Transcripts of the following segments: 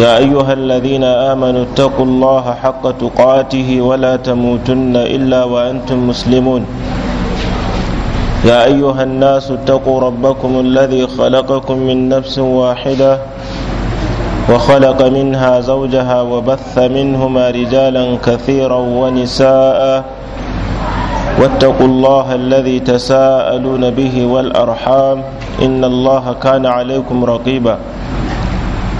يا أيها الذين آمنوا اتقوا الله حق تقاته ولا تموتن إلا وأنتم مسلمون يا أيها الناس اتقوا ربكم الذي خلقكم من نفس واحدة وخلق منها زوجها وبث منهما رجالا كثيرا ونساء واتقوا الله الذي تساءلون به والأرحام إن الله كان عليكم رقيباً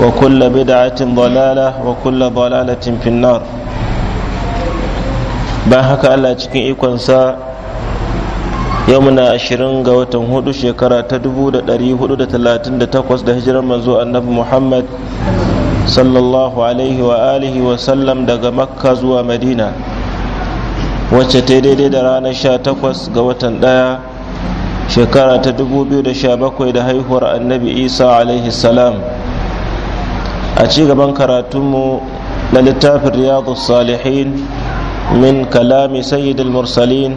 وكل بدعة ضلالة وكل ضلالة في النار باهك ألا تكين إيكوان سا يومنا أشرين قوة هدو شكرا تدبو دري هدو دتلاتين دتقوس دهجر منزو النبي محمد صلى الله عليه وآله وسلم دقا مكة زوا مدينة wacce ta daidai da ranar 18 ga watan ɗaya shekara ta 2017 da haihuwar annabi isa alaihi salam a ci gaban karatunmu na littafin riyadu salihin min kalami sayyidul mursalin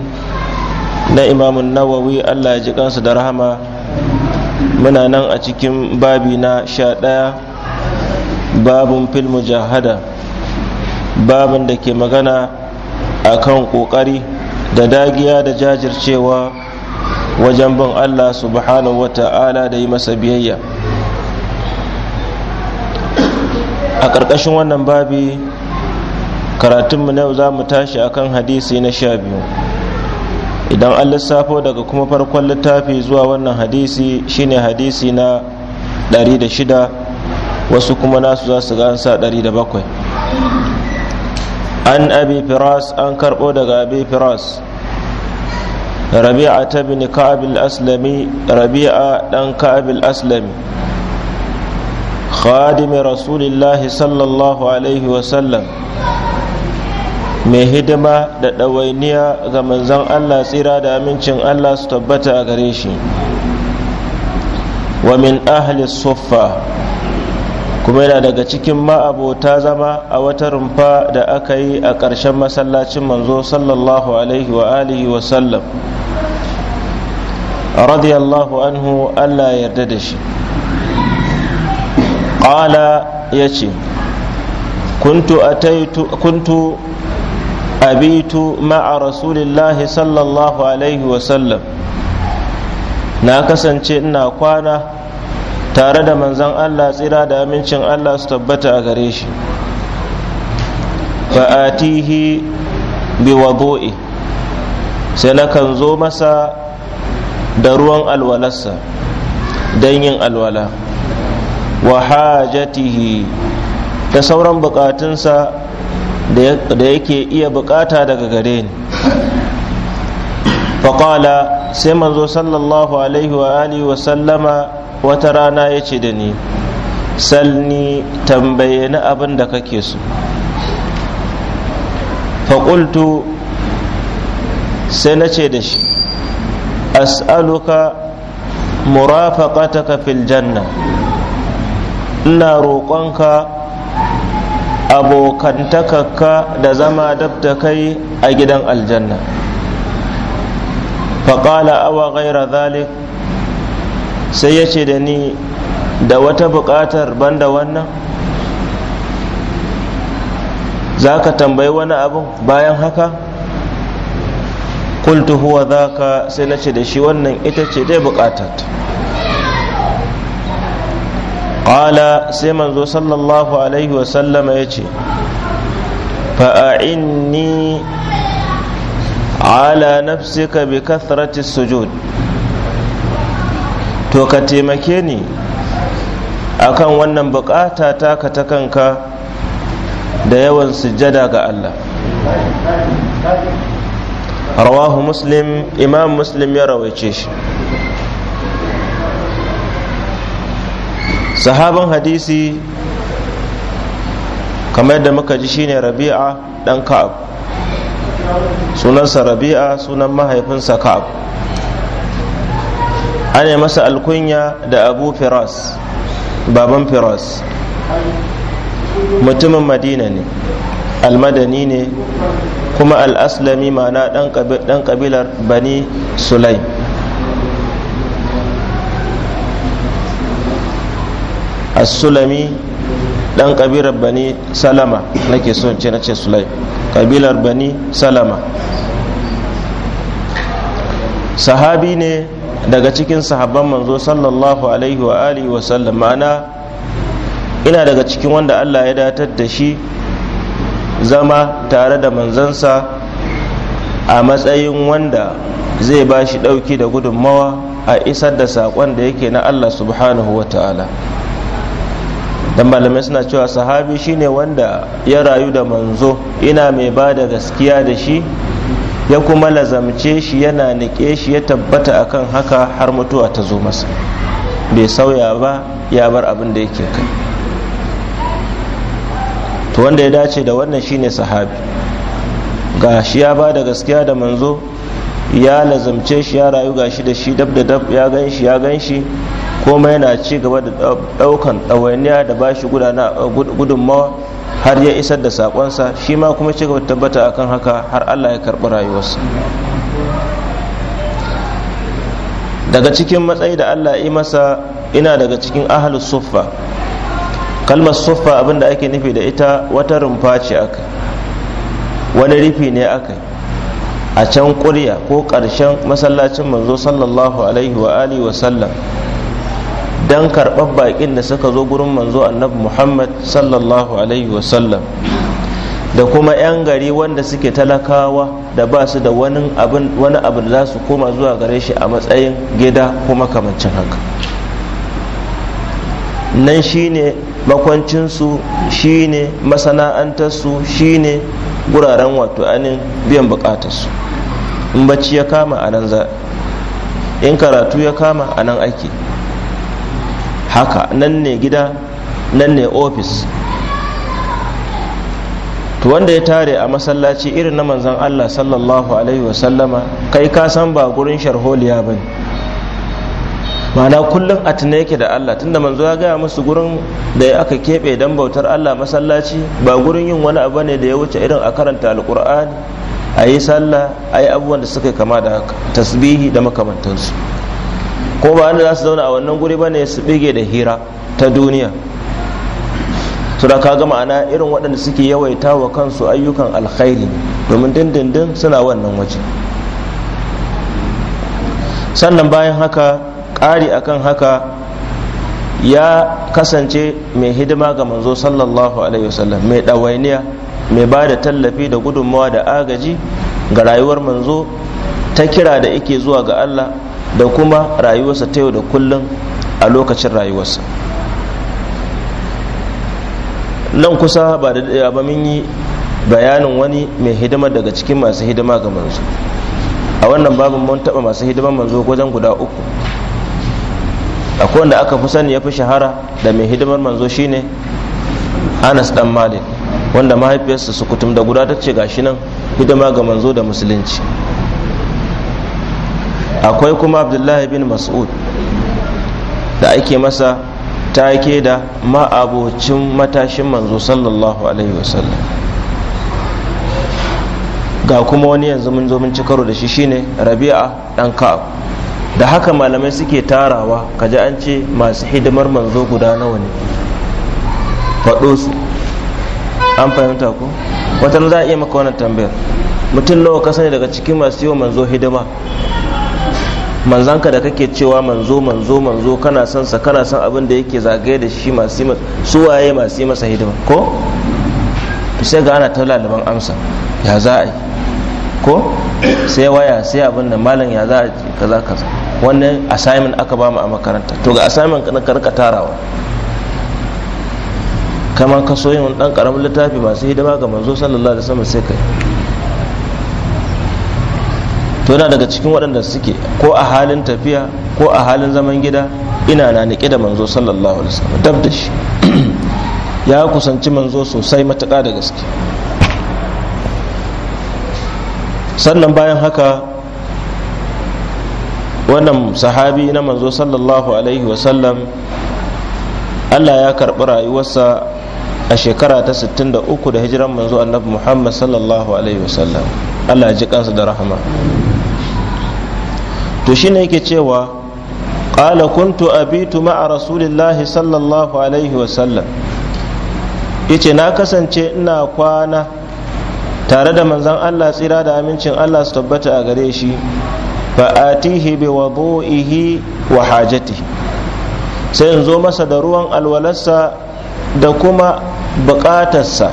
na imamun nawawi allah ya ji kansa da rahama muna nan a cikin babi na sha ɗaya babin fil mujahada babin da ke magana a kan ƙoƙari da dagiya da jajircewa wajen bin allah subhanahu wa ta'ala da yi masa biyayya a ƙarƙashin wannan babi karatunmu na yau za mu tashi akan hadisi na sha biyu idan an lissafo daga kuma farkon littafi zuwa wannan hadisi shine hadisi na 106 wasu kuma nasu za su gansa 107 an abi firas an karɓo daga abi firas rabi'a ta bin ka'abil aslami rabi'a ɗan ka'abil aslami خادم رسول الله صلى الله عليه وسلم mai hidima da ɗawainiya ga manzan Allah tsira da amincin Allah su tabbata a gare shi wa min ahli suffa kuma yana daga cikin ma'abota zama a wata rumfa da aka yi a ƙarshen masallacin manzo sallallahu alaihi wa alihi wa sallam radiyallahu anhu Allah yarda da shi qala yace kuntu ataitu kuntu abitu ma'a rasulillahi sallallahu alaihi wasallam na kasance ina kwana tare da manzon Allah tsira da amincin Allah su tabbata a gare shi fa'atihi bi wadu'i sai na kan zo masa da ruwan alwalarsa don yin alwala wa hajatihi da sauran bukatunsa da yake iya bukata daga gare ni faƙala sai manzo sallallahu alaihi wa alihi wa sallama wata rana ya ce da ni salni tambaye ni abin da kake so faƙultu sai na ce da shi as'aluka murafaqataka fil janna ina roƙonka abokantakakka da zama dabta kai a gidan aljanna faƙala awa gaira zalik sai ya ce da ni da wata buƙatar banda wannan za ka tambayi wani abin bayan haka kultu huwa za ka sai na ce da shi wannan ita ce dai buƙatar قال sai manzo sallallahu alaihi wasallama ya ce fa'a'inni ala nafsika bi kathrati sujud to ka taimake ni akan wannan bukata taka ta kanka da yawan sujjada ga Allah rawahu muslim imam muslim ya rawaice shi sahaban hadisi kamar da muka ji shine rabi'a dan ka'ab sunansa rabi'a sunan mahaifinsa ka'ab ana masa alkunya da abu firas baban firas mutumin madina ne almadani ne kuma al-asulami al'aslami ma'ana dan kabilar bani sulaim as-sulami dan kabilar bani salama nake so ce na ce sulaim kabilar bani salama sahabi ne daga cikin sahabban manzo sallallahu alaihi wa alihi wa sallam ma'ana ina daga cikin wanda Allah ya datar da shi zama tare da manzansa a matsayin wanda zai ba shi ɗauki da gudunmawa a isar da saƙon da yake na Allah subhanahu wa ta'ala dan malamai suna cewa sahabi shine wanda ya rayu da manzo ina mai ba da gaskiya da shi ya kuma lazamce shi yana nike shi ya tabbata akan haka har mutuwa ta zo masa bai sauya ba ya bar abin da yake kai to wanda ya dace da wannan shine sahabi ga shi ya ba da gaskiya da manzo ya lazamce shi ya rayu gashi da shi dab da dab ya gan shi ya gan shi kuma yana ci gaba da daukan ɗawainiya da ba shi gudunmawa har ya isar da sakonsa shi ma kuma ci gaba tabbata a kan haka har allah ya karɓi rayuwarsa daga cikin matsayi da allah yi masa ina daga cikin ahalus suffa kalmar suffa abinda ake nufi da ita wata rumfa ce aka wani rufi ne aka a can ƙurya ko ƙarshen masallacin manzo sallallahu alaihi wa alihi wa sallam Dan karɓar baƙin da suka zo gurin manzo annabi muhammad sallallahu alaihi wasallam da kuma 'yan gari wanda suke talakawa da ba su da wani abu da za su koma zuwa gare shi a matsayin gida kuma kamancin haka nan shine makwancinsu shine masana'antarsu shine guraren wato anin biyan bukatarsu in bacci ya kama a nan za in karatu ya kama a nan ake haka nan ne gida nan ne ofis to wanda ya tare a masallaci irin na manzan allah sallallahu alaihi wasallama kai ka san ba gurin sharholiya ba ne ma'ana kullum a tuna yake da allah tunda manzo ya gaya musu gurin da aka keɓe don bautar allah masallaci ba gurin yin wani abu ne da ya wuce irin a karanta alkur'ani a yi sallah a yi abubuwan da suka kama da haka tasbihi da makamantansu ko ba wanda za su zauna a wannan guri ba ne su bige da hira ta duniya su da kaga ma'ana irin waɗanda suke yawaita wa kansu ayyukan alkhairi domin dindindin suna wannan waje sannan bayan haka ƙari akan haka ya kasance mai hidima ga manzo sallallahu alaihi wasallam mai ɗawainiya mai ba da tallafi da gudunmawa da agaji ga rayuwar manzo ta kira da ike zuwa ga allah da kuma rayuwarsa ta yau da kullum a lokacin rayuwarsa nan kusa ba da ba mun yi bayanin wani mai hidima daga cikin masu hidima ga manzo a wannan babin mun taɓa masu hidiman manzo wajen guda uku akwai wanda aka fi sani ya fi shahara da mai hidimar manzo shine anas dan malik wanda mahaifiyarsa su kutum da guda ta ce gashi nan hidima ga manzo da musulunci akwai kuma abdullahi bin mas'ud da ake masa take da ma'abocin matashin manzo sallallahu alaihi wasallam ga kuma wani yanzu mun zo mun ci karo da shi shine rabi'a dan ka'ab da haka malamai suke tarawa kaji an ce masu hidimar manzo guda nawa ne faɗo su an fahimta ko wata za a iya maka wannan tambayar mutum nawa ka daga cikin masu yi manzo hidima manzanka da kake cewa manzo manzo manzo kana son sa kana son abin da yake zagaye da shi masu su waye masu masa hidima ko sai ga ana ta laban amsa ya za a yi ko sai waya sai abin da malam ya za a ji kaza kaza wannan assignment aka ba mu a makaranta to ga assignment ka karka tarawa kamar ka so yin dan karamin littafi masu hidima ga manzo sallallahu alaihi wasallam sai kai to yana daga cikin waɗanda suke ko a halin tafiya ko a halin zaman gida ina na niƙe da manzo sallallahu alaihi wasallam dab da shi ya kusanci manzo sosai matuƙa da gaske sannan bayan haka wannan sahabi na manzo sallallahu alaihi wasallam allah ya karɓi rayuwarsa a shekara ta 63 da hijiran manzo annabi muhammad sallallahu alaihi wasallam allah ya ji kansa da rahama to shine yake cewa qala kuntu abitu ma'a rasulillahi sallallahu alaihi wasallam yace na kasance ina kwana tare da manzon Allah tsira da amincin Allah su tabbata a gare shi fa'atihi bi wudu'ihi wa hajatihi sai in zo masa da ruwan alwalarsa da kuma bukatarsa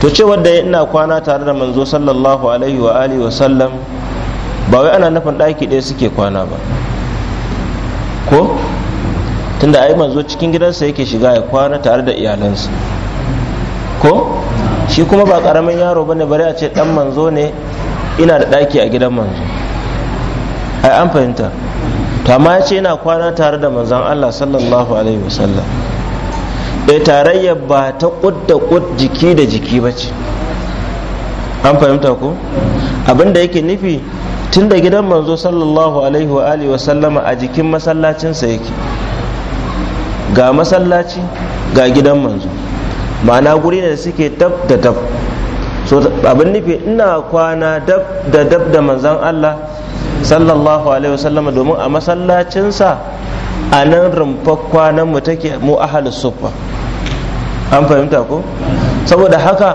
to ce wadda ina kwana tare da manzo sallallahu alaihi wa alihi wa sallam ba wai ana nufin ɗaki ɗaya suke kwana ba ko tunda ai manzo cikin gidansa yake shiga ya kwana tare da iyalansa ko shi kuma ba karamin yaro bane bari a ce dan manzo ne ina da ɗaki a gidan manzo ai an fahimta to amma ya ce ina kwana tare da manzon Allah sallallahu alaihi wasallam bai eh, tarayya ba ta ƙudda ƙud jiki da jiki ba ce an fahimta ko abinda yake nufi tun da gidan manzo sallallahu alaihi wa wa sallama a jikin masallacinsa yake ga masallaci ga gidan manzo ma'ana guri da suke dab da dab so abin nufi ina kwana dab da dab da manzan Allah sallallahu alaihi wa sallama domin a masallacinsa a nan rumfar kwanan mu take mu ahal sufa an fahimta ko saboda haka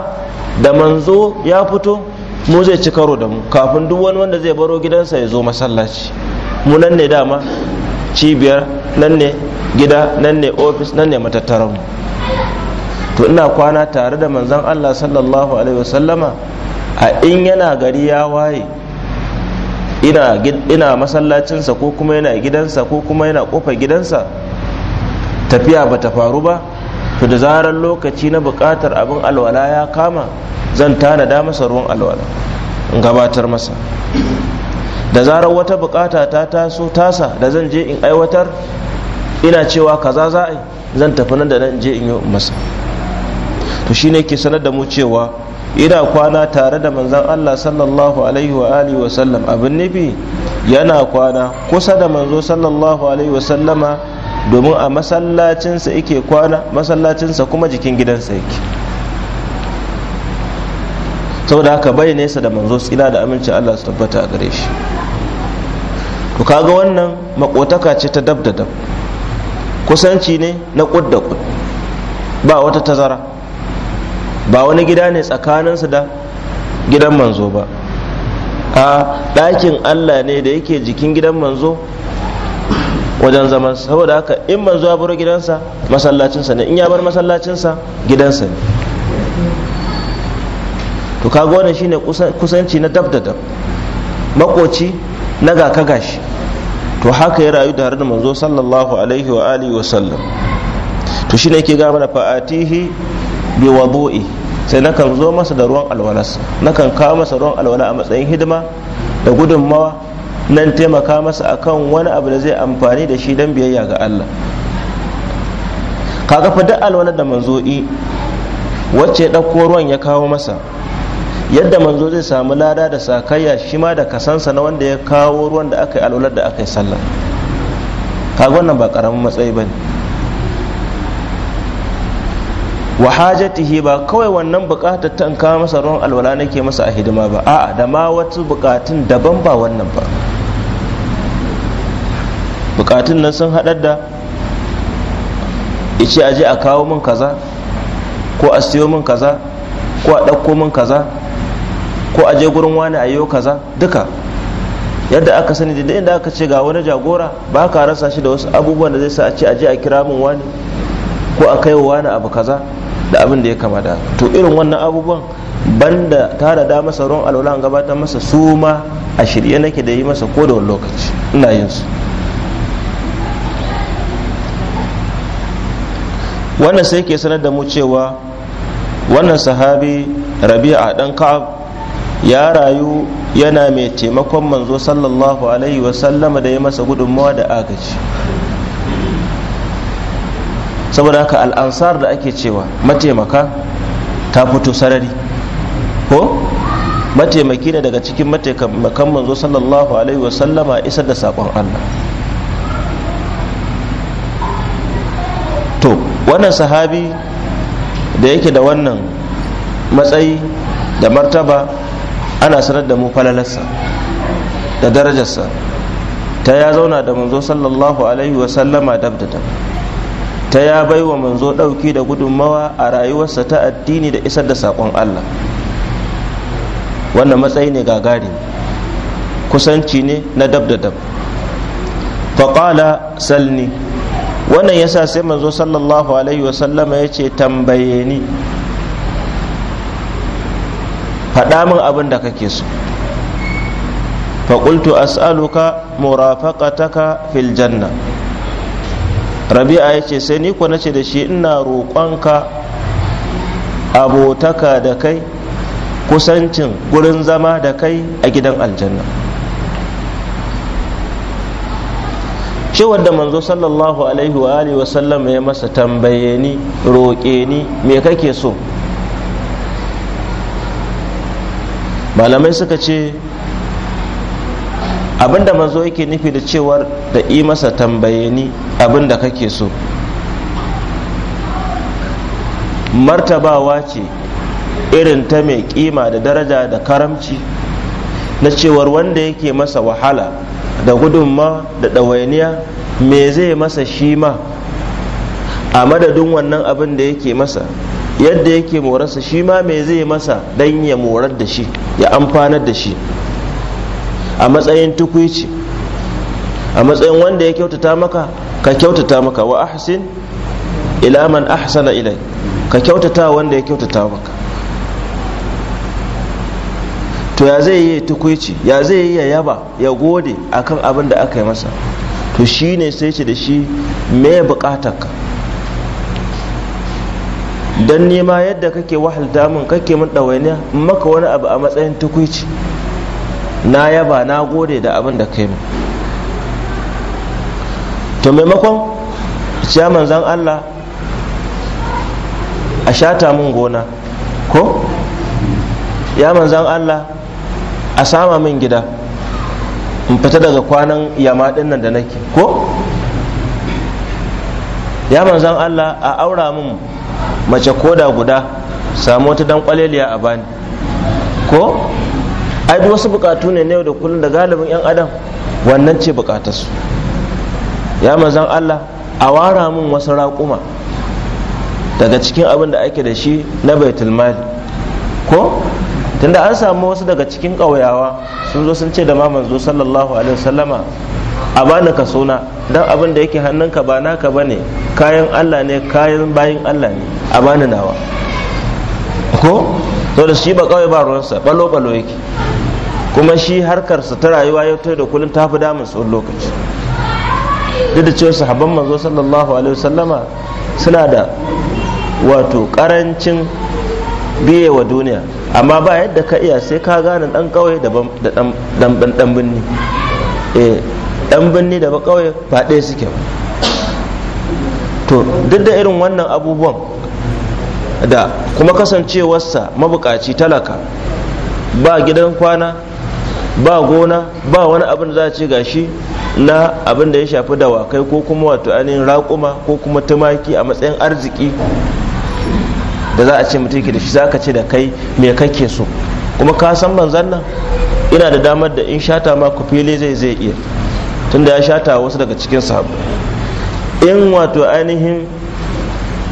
da manzo ya fito mu zai ci karo da mu kafin duk wani wanda zai baro gidansa ya zo masallaci mu nan ne dama cibiyar nan ne gida nan ne ofis nan ne matattaran mu to ina kwana tare da manzon Allah sallallahu alaihi wasallama a in yana gari ya waye ina ina masallacinsa ko kuma yana gidansa ko kuma yana kofar gidansa tafiya bata faru ba to da zarar lokaci na buƙatar abin alwala ya kama zan tanada masa ruwan alwala in gabatar masa da zarar wata bukata ta taso tasa da zan je in aiwatar ina cewa kaza za a yi zan tafi nan da nan je in yi masa to shine ke sanar da mu cewa ina kwana tare da manzon Allah sallallahu alaihi wa alihi wa sallam abin nufi yana kwana kusa da manzo sallallahu alaihi wa sallama domin a masallacinsa yake kwana masallacinsa kuma jikin gidansa yake saboda haka bai nesa da manzo tsira da amincin Allah su tabbata a gare shi to kaga wannan makotaka ce ta dab da dab kusanci ne na kud da kud ba wata tazara ba wani gida ne tsakaninsu da gidan manzo ba a ɗakin Allah ne da yake jikin gidan manzo wajen zaman saboda haka in manzo ya baro gidansa masallacinsa ne in ya bar masallacinsa gidansa ne to kaga wannan shine kusanci na dab da dab makoci na ga ka gashi to haka ya rayu tare da manzo sallallahu alaihi wa alihi wa sallam to shine yake ga mana fa'atihi bi wudu'i sai nakan zo masa da ruwan Na nakan kawo masa ruwan alwala a matsayin hidima da gudunmawa nan taimaka masa akan wani abu da zai amfani da shi dan biyayya ga Allah kaga fa duk alwala da manzo'i wacce ya ɗauko ruwan ya kawo masa yadda manzo zai samu lada da sakayya shi ma da kasansa na wanda ya kawo ruwan da aka yi alular da aka yi sallah kaga wannan ba karamin matsayi bane wa hajatihi ba kawai wannan bukatar ta kawo masa ruwan alwala nake masa a hidima ba a'a da ma wata bukatun daban ba wannan ba bukatun nan sun haɗar da ice aje a kawo min kaza ko a siyo min kaza ko a ɗauko min kaza ko a je gurin wani a yau kaza duka yadda aka sani da inda aka ce ga wani jagora ba ka rasa shi da wasu abubuwan da zai sa a ce a je a kira min wani ko a kai wani abu kaza da abin da ya kama da to irin wannan abubuwan banda tara da masa ruwan alwala an gabatar masa su ma a shirye nake da yi masa ko da wani lokaci ina yin su wannan sai ke sanar da mu cewa wannan sahabi rabi'a dan ka'ab ya rayu yana mai taimakon manzo sallallahu alaihi wasallama da ya masa gudunmawa da agaji saboda haka al'ansar da ake cewa mataimaka ta fito sarari ko mataimaki ne daga cikin mataimakan manzo sallallahu alaihi wasallama isar da saƙon allah to wannan sahabi da yake da wannan matsayi da martaba ana sanar da mu falalarsa da darajarsa ta ya zauna da manzo sallallahu alaihi wasallama dab da dab ta ya bai wa manzo ɗauki da gudunmawa a rayuwarsa ta addini da isar da saƙon allah wannan matsayi ne gagari kusanci ne na dab da dab faƙala salni wannan yasa sai manzo sallallahu alaihi wasallama ya ce tambaye ni faɗa min abin da kake so faƙultu as'aluka murafaqataka fil janna rabi'a ya ce sai ni na ce da shi ina roƙonka abotaka da kai kusancin gurin zama da kai a gidan aljanna cewar wadda manzo sallallahu alaihi wa alihi ya masa tambaye ni roƙe ni me kake so malamai suka ce abinda manzo yake nufi da cewar da yi masa tambaye ni abinda kake so martabawa ce irin ta mai kima da daraja da karamci na cewar wanda yake masa wahala da gudunma da ɗawainiya me zai masa shi ma a madadin wannan abin da yake masa yadda yake morarsa shi ma me zai masa don ya morar da shi ya amfanar da shi a matsayin tukwici a matsayin wanda ya kyautata maka ka kyautata maka wa ahsin ila man ahsana ilai ka kyautata wanda ya kyautata maka to ya zai yi tukwici ya zai yi ya yaba ya gode akan abin da aka yi masa to shi ne sai ce da shi me bukatarka Don nema yadda kake wahalta min kake min ɗawainiya maka wani abu a matsayin tukwici na yaba na gode da abin da kai min to maimakon ciya manzan Allah a shata min gona ko ya manzan Allah a sama min gida in fita daga kwanan yama nan da nake ko ya manzan Allah a aura min mace koda guda samu wata dan kwaleliya a bani ko ai duk wasu bukatu ne yau da kullum da galibin yan adam wannan ce bukatarsu ya manzan Allah a wara min wasu raƙuma daga cikin abin da ake da shi na baitul mali ko tunda an samu wasu daga cikin ƙauyawa sun zo sun ce da ma manzo sallallahu alaihi wasallama a bani ka suna don abin da yake hannunka ba naka ba ne kayan allah ne kayan bayan allah ne a bani nawa ko to da shi ba kawai ba ruwansa balo balo yake kuma shi harkarsa ta rayuwa ya da kullum ta fi damun tsawon lokaci duk da cewa sahabban manzo sallallahu alaihi wasallama suna da wato karancin biye wa duniya amma ba yadda ka iya sai ka gane dan kawai da dan binni eh Ɗan birni da ba kauye ba ɗaya suke ba to duk da irin wannan abubuwan da kuma kasancewarsa mabukaci talaka ba gidan kwana ba gona ba wani abin za a ce gashi na abin da ya shafi dawakai ko kuma wato ainihin raƙuma ko kuma tumaki a matsayin arziki da za a ce mutum ke da shi za ka ce da kai me kake so kuma ka san nan ina da damar da in shata ma ku fili zai zai iya tunda ya shata wasu daga cikin sahabu in wato ainihin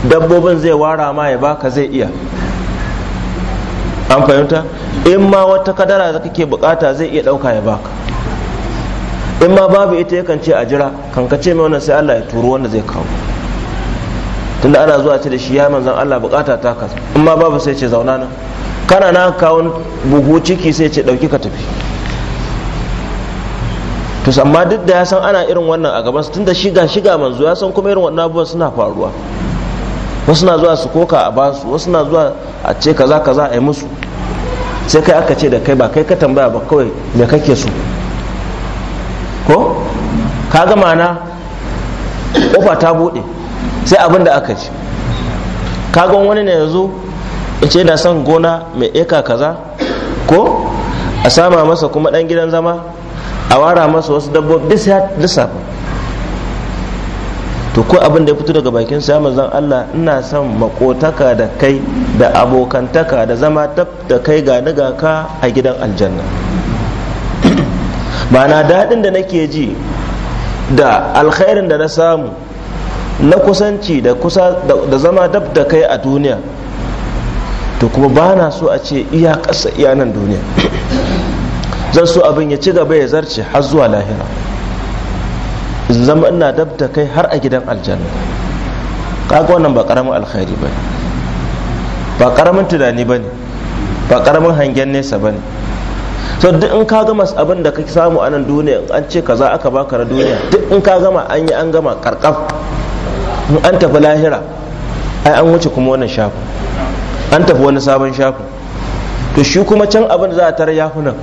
dabbobin zai wara ma ya baka zai iya an fahimta in ma wata kadara da kake bukata zai iya dauka ya baka in ma babu ita yakan ce a jira kan ka ce mai wannan sai Allah ya turo wanda zai kawo tunda ana zuwa ce da shi ya manzan Allah bukata ta kasu. in ma babu sai ce zauna nan kana na kawo buhu ciki sai ce dauki ka tafi to amma duk da ya san ana irin wannan a gaban tunda shiga shiga manzo ya san kuma irin wannan abubuwa suna faruwa wasu na zuwa su koka a basu wasu na zuwa a ce kaza kaza a yi musu sai kai aka ce da kai ba kai ka tambaya ba kawai me kake so ko ka ga mana kofa ta bude sai abin da aka ce ka ga wani ne yanzu ya ce na son gona mai eka kaza ko a sama masa kuma dan gidan zama a wara masa wasu dabbobi duk ya lissafa to ko abin da ya fito daga bakin sa manzon Allah ina son makotaka da kai da abokantaka da zama tab da kai ga ni ka a gidan aljanna mana daɗin da nake ji da alkhairin da na samu na kusanci da kusa da zama dab da kai a duniya to kuma ba na so a ce iya ƙasa iya nan duniya zan so abin ya ci gaba ya zarce har zuwa lahira zama ina dab da kai har a gidan aljanna kaga wannan ba karamin alkhairi ba ba karamin tunani ba ne ba karamin hangen nesa ba ne so duk in ka gama abin da ka samu a nan duniya an ce kaza aka baka na duniya duk in ka gama an yi an gama karkaf in an tafi lahira ai an wuce kuma wannan shafin an tafi wani sabon shafin to shi kuma can abin da za a tara ya hunan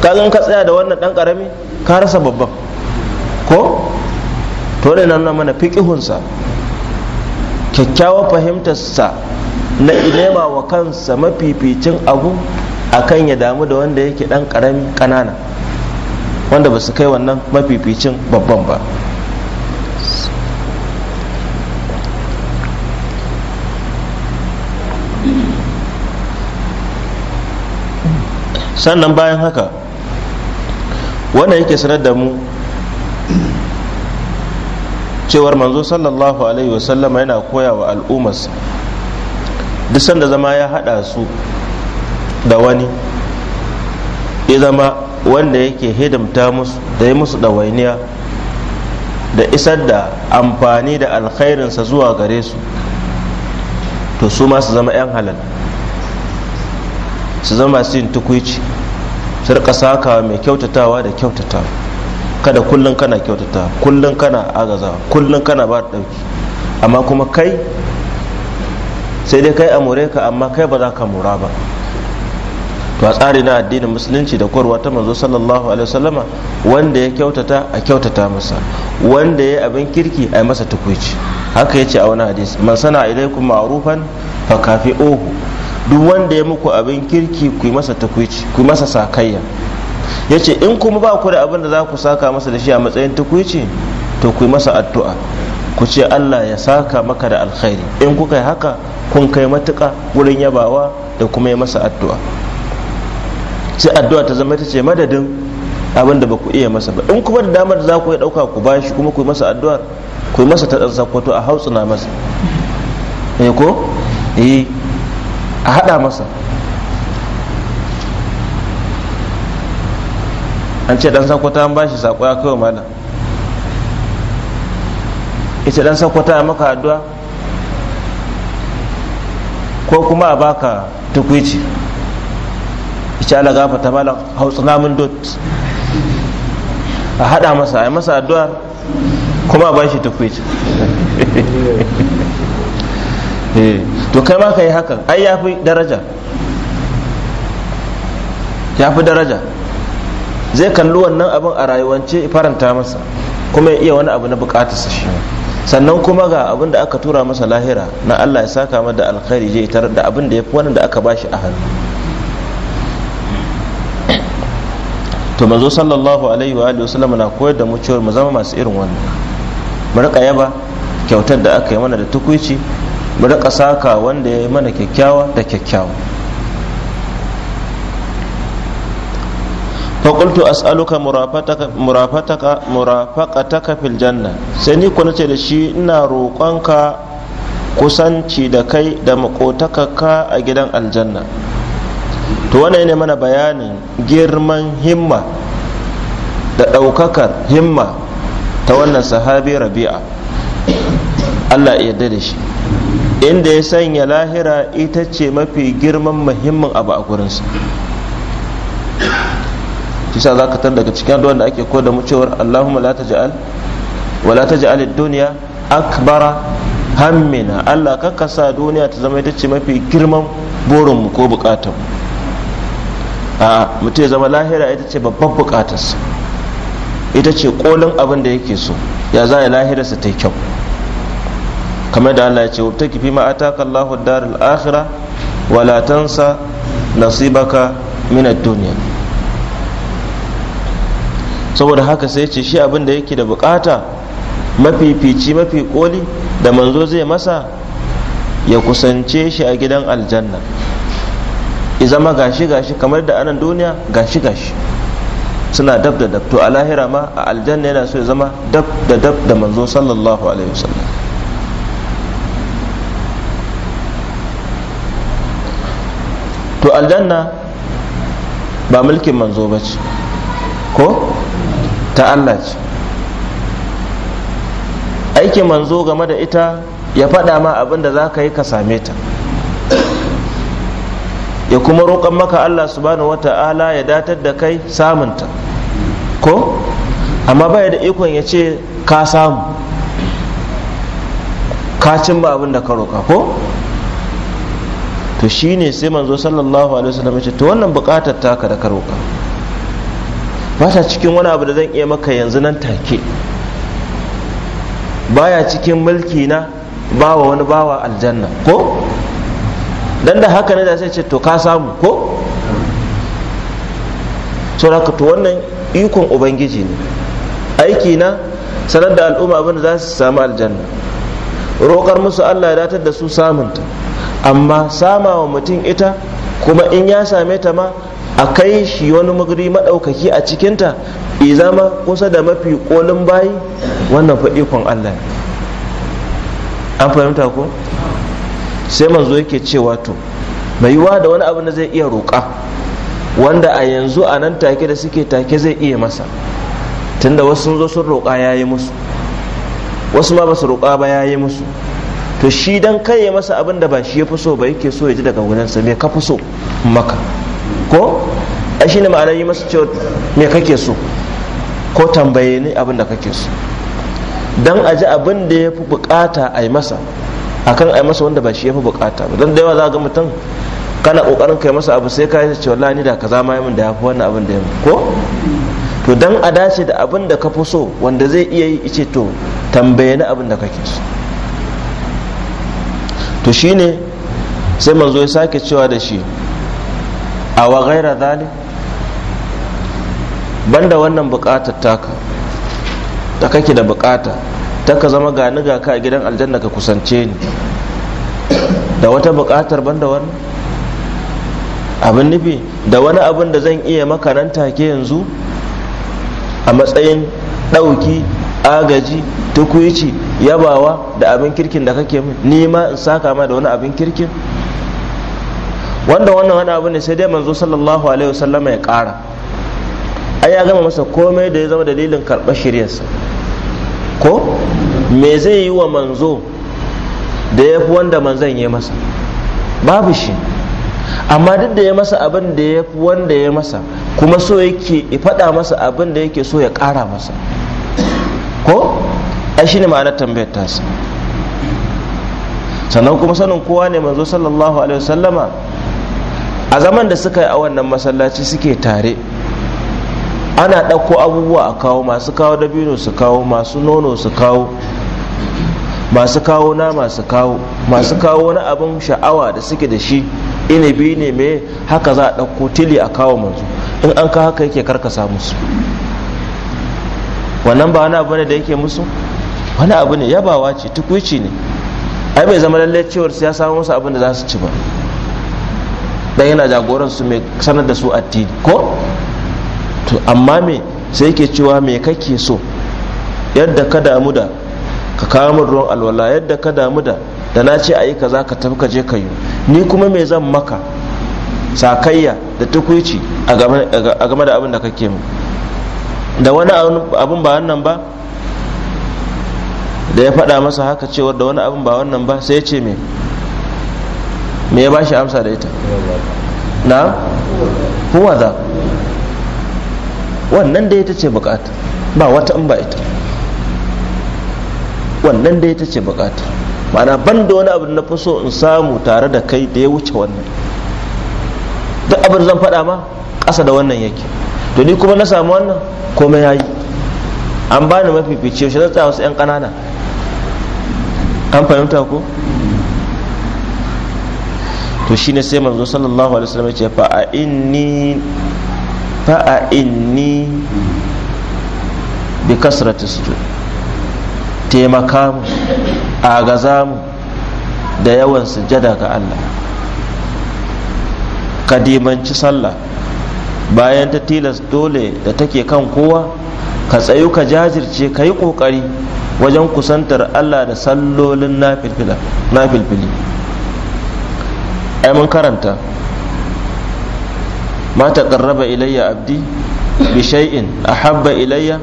ka zan ka tsaya da wannan dan karami ka rasa babban ko to da nan mana fiqihunsa kyakkyawar fahimtarsa na ilema wa kansa mafificin abu akan ya damu da wanda yake dan karami kanana wanda ba su kai wannan mafificin babban ba sannan bayan haka wannan yake sanar da mu cewar manzo sallallahu alaihi wasallam yana koya wa al'ummas duk sanda zama ya hada su da wani ya zama wanda yake hidimta musu da ya musu ɗawainiya da isar da amfani da alkhairinsa zuwa gare su to su ma su zama 'yan halal su zama masu yin tukwici su saka mai kyautatawa da kyautata kada kullum kana kyautata kullum kana agaza kullum kana ba da ɗauki, amma kuma kai sai dai kai amure ka amma kai ba za ka mura ba to a tsari na addinin musulunci da korwa ta manzo sallallahu alaihi wasallama wanda ya kyautata a kyautata masa wanda ya abin kirki a masa tukuici haka yace a wani hadisi man sana ilaikum ma'rufan fa kafi'uhu duk wanda ya muku abin kirki ku yi masa takwici ku masa sakayya ya ce in kuma ba ku da abin da za ku saka masa da shi a matsayin takwici to ku yi masa addu'a ku ce Allah ya saka maka da alkhairi in kuka yi haka kun kai matuka wurin yabawa da kuma yi masa addu'a sai addu'a ta zama ta ce madadin abin da ba ku iya masa ba in kuma da damar da za ku yi ɗauka ku bashi kuma ku yi masa addu'ar ku yi masa ta ɗan sakwato a hautsina masa eh ko eh a haɗa masa an ce dan sakwata an bashi sako ya kai wa ita dan sakwata ya maka addu'a ko kuma a baka tukwici ita ala gafa ta malam hausa namun dot a haɗa masa a yi masa addu'a kuma a bashi tukwici eh. to kai ma ka yi hakan ai ya fi daraja ya fi daraja zai kalli wannan abin a rayuwance faranta masa kuma ya iya wani abu na bukatarsa shi sannan kuma ga abin da aka tura masa lahira na allah ya saka da alkhairi zai tarar da abin da ya fi wannan da aka bashi a hannu to mazo sallallahu alaihi wa alihi wasallam na koyar da mu cewa mu zama masu irin wannan mu rika yaba kyautar da aka yi mana da tukuci? mu ƙasa saka wanda ya yi mana kyakkyawa da kyakkyawa faƙultu as'aluka ta fil janna sai ni kuna ce da shi ina roƙonka kusanci da kai da maƙotakaka a gidan aljanna to wannan ne mana bayanin girman himma da ɗaukakar himma ta wannan sahabi rabi'a Allah ya yarda da shi inda ya sanya lahira ita ce mafi girman muhimmin abu a gurinsa kisa za ka tar daga cikin addu'a da ake da mu cewar Allahumma la taj'al wa la taj'al ad-dunya akbara hammina Allah ka kasa duniya ta zama ita ce mafi girman burin mu ko bukatun a mutum ya zama lahira ita ce babbar bukatarsa ita ce kolin abin da yake so ya za ya lahirarsa ta yi kyau kamar da Allah ya ce wabtaki fi ma ataka Allahu darul akhirah wala tansa nasibaka min ad-dunya saboda haka sai ce shi abin da yake da bukata mafifici mafi koli da manzo zai masa ya kusance shi a gidan aljanna izama gashi gashi kamar da anan duniya gashi gashi suna dab da dab to a lahira ma a aljanna yana so ya zama dab da dab da manzo sallallahu alaihi wasallam to aljanna ba mulkin manzo ba ce ko ta Allah ce aikin manzo game da ita ya faɗa ma abinda da za ka yi ka same ta ya kuma roƙon maka Allah su bani wata ala ya datar da kai samunta ko amma baya da ikon ya ce ka samu ka cimma abin da ka roƙa ko to shine sai manzo sallallahu alaihi wasallam ya ce to wannan bukatar taka da ka roƙa ba ta cikin wani abu da zan iya maka yanzu nan take baya cikin mulki na bawa wani bawa aljanna ko dan da haka ne da sai ce to ka samu ko haka to wannan ikon ubangiji ne aiki na sanar da al'umma abin da za su samu aljanna roƙar musu allah ya datar da su samunta amma sama wa mutum ita kuma in ya same ta ma a kai shi wani maguri maɗaukaki a cikinta i zama kusa da mafi ƙolin bayi wannan fa ikon Allah an fahimta ko sai manzo yake cewa to mai yiwa da wani abu da zai iya roƙa wanda a yanzu a nan take da suke take zai iya masa tunda wasu sun zo sun roƙa ya yi musu wasu ma ba su roƙa ba ya yi musu to shi dan kai ya masa abin da ba shi ya fi so ba yake so ya ji daga sa, me ka fi so maka ko ai ne ma'ana yi masa cewa me kake so ko tambaye ni abin da kake so dan aji abin da ya fi bukata a yi masa akan a yi masa wanda ba shi ya fi bukata ba don da yawa za ga mutum kana kokarin kai masa abu sai ka yi cewa la ni da kaza ma yamin da ya fi wannan abin da ya ko to dan a dace da abin da ka fi so wanda zai iya yi ice to tambaye ni abin da kake so to shine sai manzo ya sake cewa da shi a wa gaira ban banda wannan bukatar taka ta kake da bukata ta ka zama gani ga ka a gidan aljanna ka kusance ni da wata bukatar banda wannan abin nufi da wani abin da zan iya maka nan yanzu a matsayin ɗauki agaji tukuici yabawa da abin kirkin da kake min nima in saka ma da wani abin kirkin wanda wannan wani abu ne sai dai manzo sallallahu alaihi wasallam ya kara ai ya gama masa komai da ya zama dalilin karɓar shiryarsa ko me zai yi wa manzo da ya fi wanda manzan ya masa babu shi amma duk da ya masa abin da ya fi wanda ya masa kuma so yake faɗa masa abin da yake so ya ƙara masa ko ai ne ma'anar tambayar tasa sannan kuma sanin kowa ne manzo sallallahu alaihi wasallama a zaman da suka yi a wannan masallaci suke tare ana ɗauko abubuwa a kawo masu kawo dabino su kawo masu nono su kawo masu kawo na masu kawo masu kawo wani abin sha'awa da suke da shi inabi ne mai haka za a ɗauko tili a kawo manzo in an ka haka yake samu su. wannan ba wani abu ne da yake musu wani abu ne yabawa ce tukuici ne ai bai zama lallai cewar su ya samu musu abin da za su ci ba dan yana jagoran su mai sanar da su addini ko to amma me sai ke cewa me kake so yadda ka damu da ka kawo min ruwan alwala yadda ka damu da da na ce ayi kaza ka tafi ka je ka yi ni kuma me zan maka sakayya da tukuici a game da abin da kake mu da wani abin ba wannan ba da ya faɗa masa haka cewar da wani abin ba wannan ba sai ya ce me me ya bashi amsa da ita na huwa za wannan da ita ce bukata ba wata in ba ita wannan da ita ce bukata mana ban da wani abin na fi so in samu tare da kai da ya wuce wannan duk abin zan faɗa ma ƙasa da wannan yake to ni kuma na samu wannan komai yayi an bani mafifice shi zata wasu yan ƙanana. an fahimta ko to shi ne sai manzo sallallahu alaihi wasallam ce fa a inni fa a inni bi kasrati sujud taimaka mu agaza mu da yawan sujada ga Allah kadimanci sallah bayan ta tilas dole da take kan kowa ka tsayu ka jajirce ka yi ƙoƙari wajen kusantar allah da sallolin na filfili mun karanta ma taqarraba ilayya abdi bi shay'in ahabba ilayya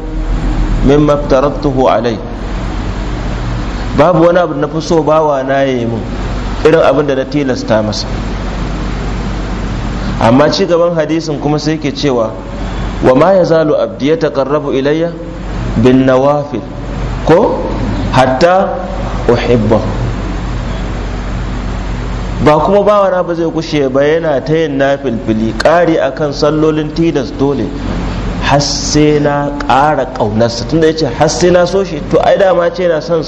mimma aftaradtuhu alai babu wani abu na fi so bawa na yayi mun irin abin da na tilasta masa amma ci gaban hadisin kuma sai ke cewa wa ma ya zalu abdi ya taƙarrabu ilayya bin nawafil ko hatta uhibba ba kuma bawa na ba zai kushe ba yana ta yin nafilfili ƙari kan sallolin tilas dole hasse na ƙara ƙaunarsa tunda ya ce hasse na so shi to ai dama ce na son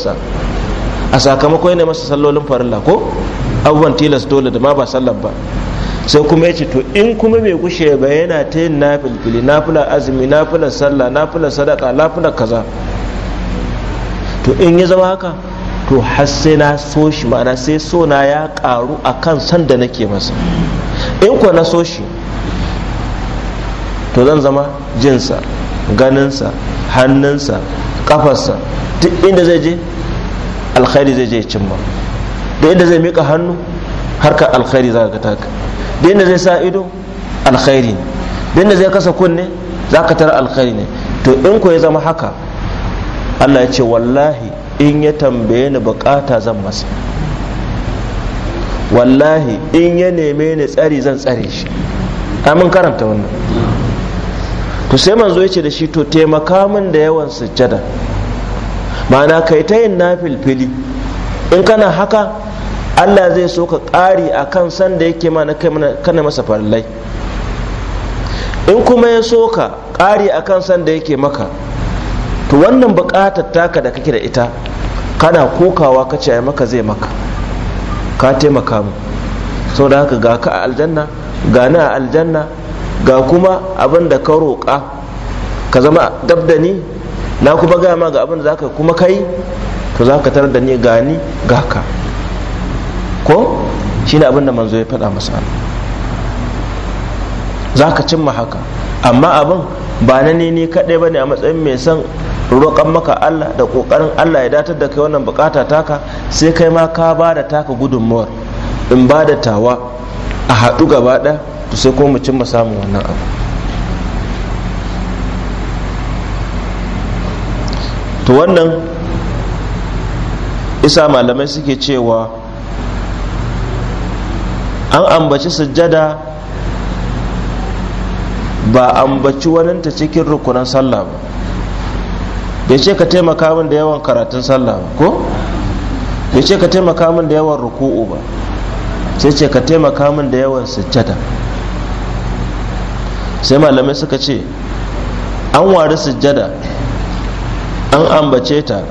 a sakamakon yana masa sallolin farilla ko abubuwan tilas dole da ma ba sallar ba sai kuma ya ce to in kuma mai gushe ba yana ta yin nafilfili nafilar azumi nafilar sallah nafilar sadaka nafilar kaza to in ya zama haka to har sai na so shi ma'ana sai so na ya karu a kan sanda nake masa in kuwa na so shi to zan zama jinsa ganinsa hannunsa kafarsa duk inda zai je alkhairi zai je cimma da inda zai mika hannu harkar alkhairi za ka taka da zai sa ido alkhairi ne da zai kasa kunne za ka tara alkhairi ne to in ko ya zama haka allah ya ce wallahi in ya tambaye ni bukata zan masa wallahi in ya neme ni tsari zan tsare shi amin karanta wannan to sai manzo ya ce da shi to taimaka min da yawan sujjada ma'ana kai ta yin na filfili in kana haka Allah zai so ka ƙari a kan sanda yake mana kana masa farallai in kuma ya so ka ƙari a kan sanda yake maka to wannan buƙatar taka da kake da ita kana kokawa ka ce maka zai maka ka taimaka mu saboda haka ga ka a aljanna ga na a aljanna ga kuma abin da ka roƙa ka zama dab da ni na kuma gaya ga abin da za ka kuma kai to za ka tarar da ni ga ni ga ka ko shine abin da manzo ya faɗa masa za ka cimma haka amma abin ba na ne ni kaɗai ba ne a matsayin mai son roƙon maka Allah da ƙoƙarin Allah ya datar da kai wannan bukata taka sai kai ma ka ba da taka gudunmawar in ba da tawa a haɗu gaba ɗaya to sai ko mu cimma samun wannan abu to wannan isa malamai suke cewa an ambaci sujjada ba ambaci waninta cikin rukunan sallah ba bai ce ka taimaka min da yawan karatun sallah ba ko bai ce ka taimaka min da yawan ruku'u ba sai ce ka taimaka min da yawan sujjada sai malamai suka ce an wari sujjada an ambace ta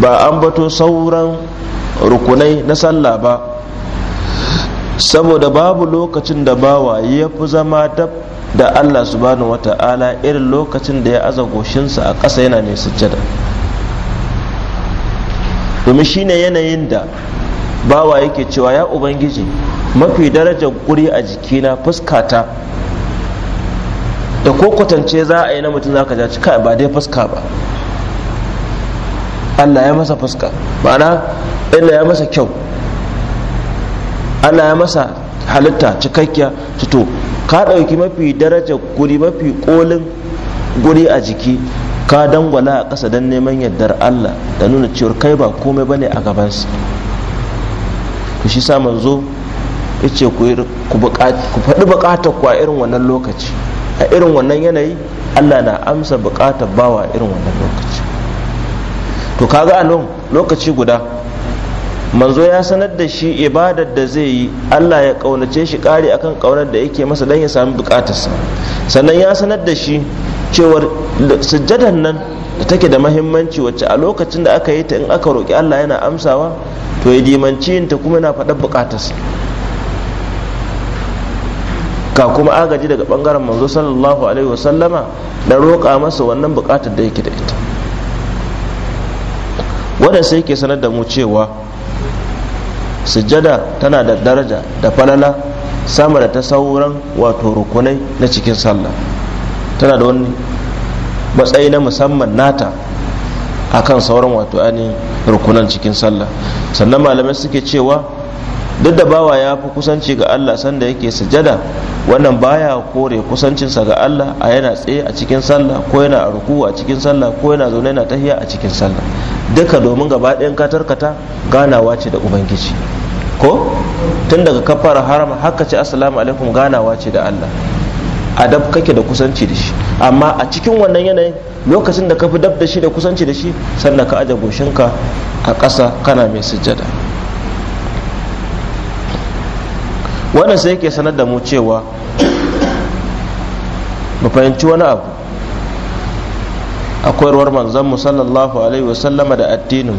ba ambato sauran rukunai na sallah ba saboda babu lokacin da bawa ya fi zama dab da Allah subhanahu wata'ala irin lokacin da ya aza goshinsa a ƙasa yana mai sujjada domin shine yanayin da bawa yake cewa ya ubangiji mafi darajar guri a jikina fuskata da ko kwatance za a yi na mutum zaka ja cika ba dai fuska ba Allah ya masa fuska ma'ana Allah ya masa kyau Allah ya masa halitta cikakkiya su to ka ɗauki mafi darajar guri mafi ƙolin guri a jiki ka dangwala a ƙasa don neman yardar Allah da nuna cewar kai ba komai ne a gabansa ku shi sa manzo ya ce ku faɗi buƙatar ku a irin wannan lokaci a irin wannan yanayi Allah na amsa buƙatar bawa a irin wannan lokaci to kaga a lokaci guda manzo ya sanar da shi ibadar da zai yi Allah ya kaunace shi kare akan kaunar da yake masa don ya sami bukatarsa sannan ya sanar da shi cewar sujjadan nan da take da mahimmanci wacce a lokacin da aka yi ta in aka roƙi Allah yana amsawa to ya dimanci ta kuma yana faɗar bukatarsa ka kuma agaji daga ɓangaren manzo sallallahu alaihi wasallama da roƙa masa wannan bukatar da yake da ita wannan sai ke sanar da mu cewa sujjada tana da daraja da falala sama da ta sauran wato rukunai na cikin sallah tana da wani matsayi na musamman nata akan sauran wato ainihin rukunan cikin sallah sannan malamai suke cewa duk da bawa ya fi kusanci ga Allah sanda yake sujada wannan baya kore kusancinsa ga Allah a yana tsaye a cikin sallah ko yana a ruku a cikin sallah ko yana zaune yana tahiya a cikin sallah duka domin gaba ɗayan katarkata ganawa ce da ubangiji ko tun daga kafara haram haka ce assalamu alaikum ganawa ce da Allah adab kake da kusanci da shi amma a cikin wannan yanayin lokacin da ka fi dab da shi da kusanci da shi sannan ka aje goshinka a ƙasa kana mai sujjada wannan sai yake sanar da mu cewa mu fahimci wani abu a koyarwar manzon mu sallallahu alaihi wasallama da addinin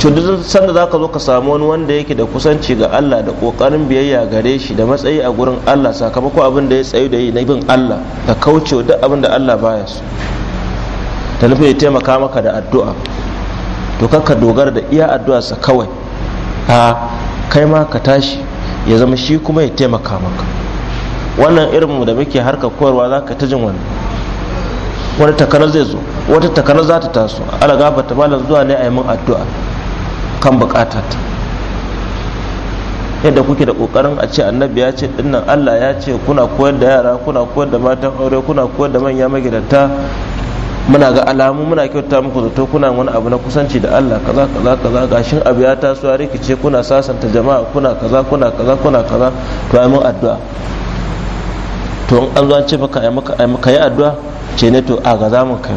mu sanda za ka zo ka samu wani wanda yake da kusanci ga Allah da kokarin biyayya gare shi da matsayi a gurin Allah sakamako abin da ya tsayu da yi na bin Allah da kauce duk abin da Allah baya su. ta nufin ya taimaka maka da addu'a to ka dogara da iya addu'arsa kawai a kai ma ka tashi ya zama shi kuma ya taimaka maka wannan irinmu da muke harka koyarwa za ka ta jin wani wani takarar zai zo wata takarar za ta taso ala ta malam zuwa ne a yi min addu'a kan bukata ta yadda kuke da kokarin a ce annabi ya ce dinnan Allah ya ce kuna koyar da yara kuna koyar da matan aure kuna koyar da manya magidanta muna ga alamu muna kyauta muku zato kuna wani abu na kusanci da Allah kaza kaza kaza gashin abu ya taso ya rikice kuna sasanta jama'a kuna kaza kuna kaza kuna kaza to yi mun addu'a to in an zo an ce maka ai maka yi addu'a ce ne to a ga za mu kai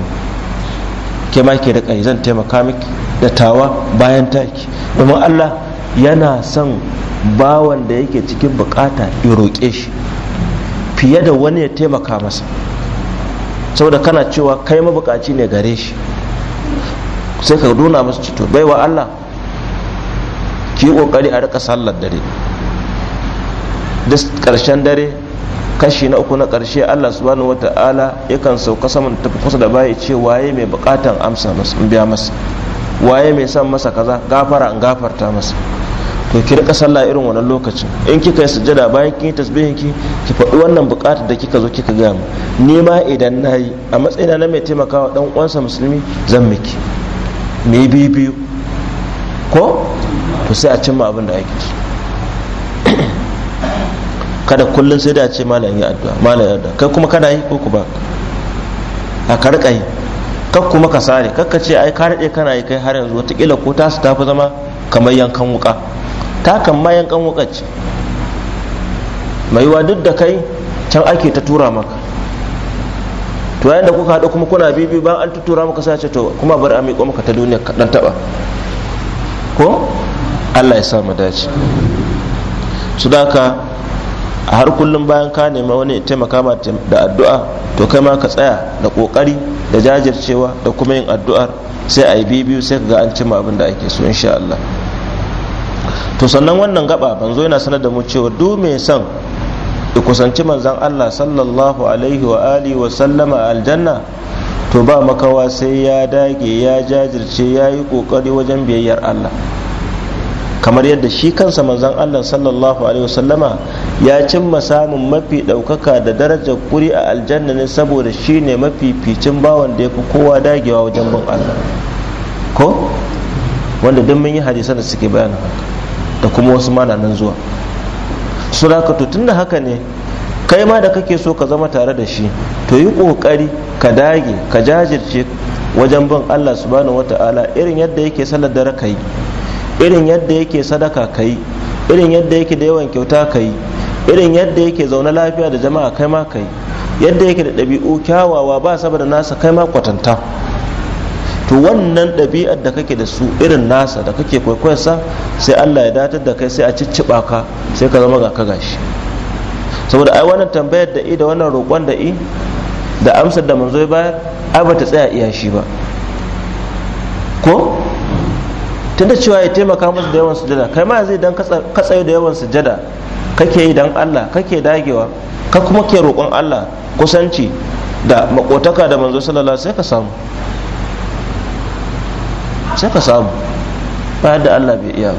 ke ma ke kai zan taimaka miki da tawa bayan taki domin Allah yana son bawan da yake cikin bukata ya roƙe shi fiye da wani ya taimaka masa saboda kana cewa kai mabukaci ne gare shi sai ka nuna masa cito baiwa Allah ki kokari a rika sallar dare duk ƙarshen dare kashi na uku na ƙarshe Allah subhanahu wata'ala yakan sauka saman tafi kusa da baya ce waye mai buƙatan amsa masa biya masa waye mai san masa kaza gafara in gafarta masa to ki rika sallah irin wannan lokacin in kika yi sujjada bayan kin yi tasbihin ki ki faɗi wannan buƙatar da kika zo kika ga mu ni ma idan nayi a matsayina na mai taimakawa dan uwansa musulmi zan miki me biyu ko to sai a cimma abin da ake kada kullum sai da ce malam ya addu'a malam ya addu'a kai kuma kana yi ko ku ba a karka yi kak kuma ka sare kak ka ce ai ka rade kana yi kai har yanzu wataƙila ko tasu tafi zama kamar yankan wuka ta kan ma yankan wuka ce mai wa duk da kai can ake ta tura maka to yayin da kuka haɗu kuma kuna bibi ba an tutura maka sai ce to kuma bari a miƙo maka ta duniya ka dan taɓa ko Allah ya sa mu dace su da a har kullum bayan ka nema wani taimaka ma da addu'a to kai ma ka tsaya da kokari da jajircewa da kuma yin addu'ar sai a yi biyu sai ka ga an cimma abin da ake so insha Allah to sannan wannan gaba zo yana sanar da mu cewa duk mai son ya kusanci manzon Allah sallallahu alaihi wa alihi wa sallama aljanna to ba makawa sai ya dage ya jajirce ya yi kokari wajen biyayyar Allah kamar yadda shi kansa manzon Allah sallallahu alaihi wasallama ya cimma samun mafi ɗaukaka da darajar kuri a aljanna ne saboda shi ne mafi ficin bawan da ya fi kowa dagewa wajen bin Allah ko wanda duk mun yi hadisan da suke bayanin da kuma wasu mana nan zuwa suraka to tunda haka ne kai ma da kake so ka zama tare da shi to yi kokari ka dage ka jajirce wajen bin Allah subhanahu wata'ala irin yadda yake sallar da ka yi irin yadda yake sadaka kai irin yadda yake da yawan kyauta kai irin yadda yake zaune lafiya da jama'a kai ma kai yadda yake da ɗabi'u kyawawa ba saboda nasa kai ma kwatanta to wannan ɗabi'ar da kake da su irin nasa da kake kwaikwayarsa sai Allah ya datar da kai sai a cicciɓa ka sai ka zama ga ka gashi saboda ai wannan tambayar da i da wannan roƙon da i da amsar da manzo ya bayar ai ta tsaya iyashi ba ko tunda cewa ya taimaka musu da yawan sujada kai ma zai dan katsayo da yawan sujada kake yi dan Allah kake dagewa ka kuma ke roƙon Allah kusanci da makotaka da manzo sallallahu sai ka samu sai ka samu Ba da Allah bai iya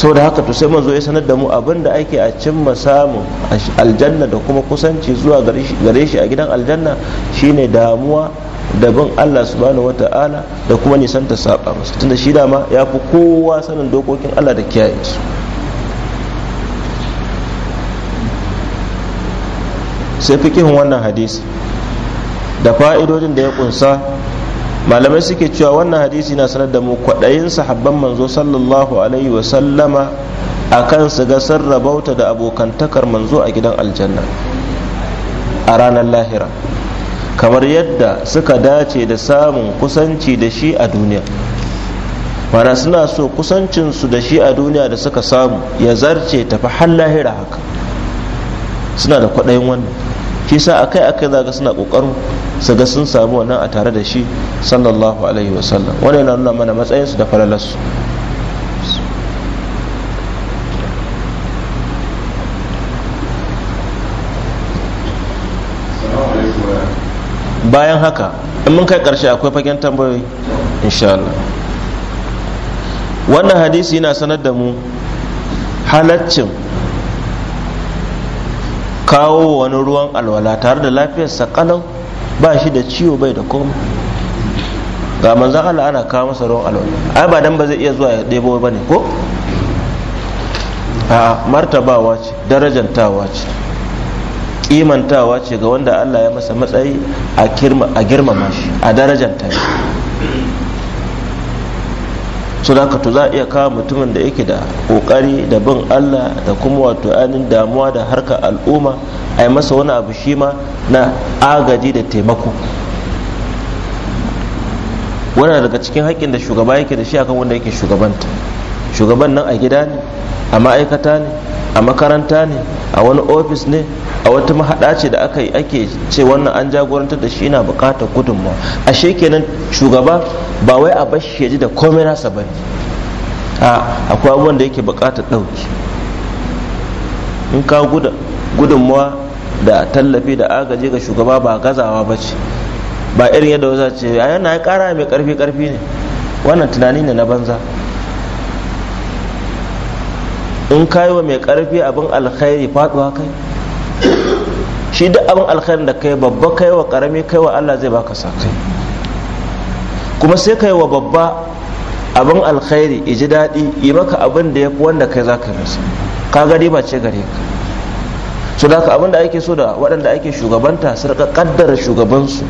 Sau da haka to sai manzo ya sanar da mu abin da ake a cimma samun aljanna da kuma kusanci zuwa gare shi a gidan aljanna shine damuwa da bin Allah subhanahu wata'ala da kuma nisan ta saba masa tunda shi dama ya fi kowa sanin dokokin Allah da kiyaye su sai kihun wannan hadisi da fa'idodin da ya kunsa malamai suke cewa wannan hadisi na sanar da mu kwaɗayin sahabban manzo sallallahu alaihi wa sallama a kan su ga sarrabauta da abokantakar manzo a gidan aljanna a ranar lahira kamar yadda suka dace da samun kusanci da shi a duniya mana suna so kusancinsu da shi a duniya da suka samu ya zarce tafi har lahira haka suna da kwaɗayin wannan shi sa akai akai za zaga suna ƙoƙarin su ga sun samu wannan a tare da shi sallallahu alaihi wasallam wannan yana nuna mana matsayinsu da falalarsu bayan haka in mun kai karshe akwai fagen tambayoyi insha Allah wannan hadisi yana sanar da mu halaccin kawo wani ruwan alwala tare da lafiyar kalau ba shi da ciwo bai da komai ga manzan Allah ana kawo masa ruwan alwala ai ba dan ba zai iya zuwa ya debo ba ne ko a martabawa ce darajantawa ce kimantawa ce ga wanda Allah ya masa matsayi a girmama shi a darajanta shi su da to za a iya kawo mutumin da yake da kokari da bin Allah da kuma wato ainihin damuwa da harkar al'umma a yi masa wani abu shi ma na agaji da taimako wannan daga cikin haƙƙin da shugaba yake da shi akan wanda yake shugabanta shugaban nan a gida ne a ma'aikata ne a makaranta ne a wani ofis ne a wata mahaɗa ce da aka ake ce wannan an jagorantar da shi na buƙatar gudunmawa ashe kenan shugaba ba wai a bashi ya ji da komai nasa ba ne akwai abubuwan da yake buƙatar ɗauki in ka gudunmawa da tallafi da agaji ga shugaba ba gazawa ba ce ba irin yadda wasa ce a yana ya ƙara mai ƙarfi ƙarfi ne wannan tunani ne na banza in kayi wa mai karfi abin alkhairi faduwa kai shi duk abin alkhairin da kai babba kai wa karami kai wa Allah zai baka sa kuma sai kai wa babba abin alkhairi iji daɗi yi maka abin da ya fi wanda kai za ka rasa ka gari ba ce gare ka so da abin da ake so da waɗanda ake shugabanta su rika kaddara shugabansu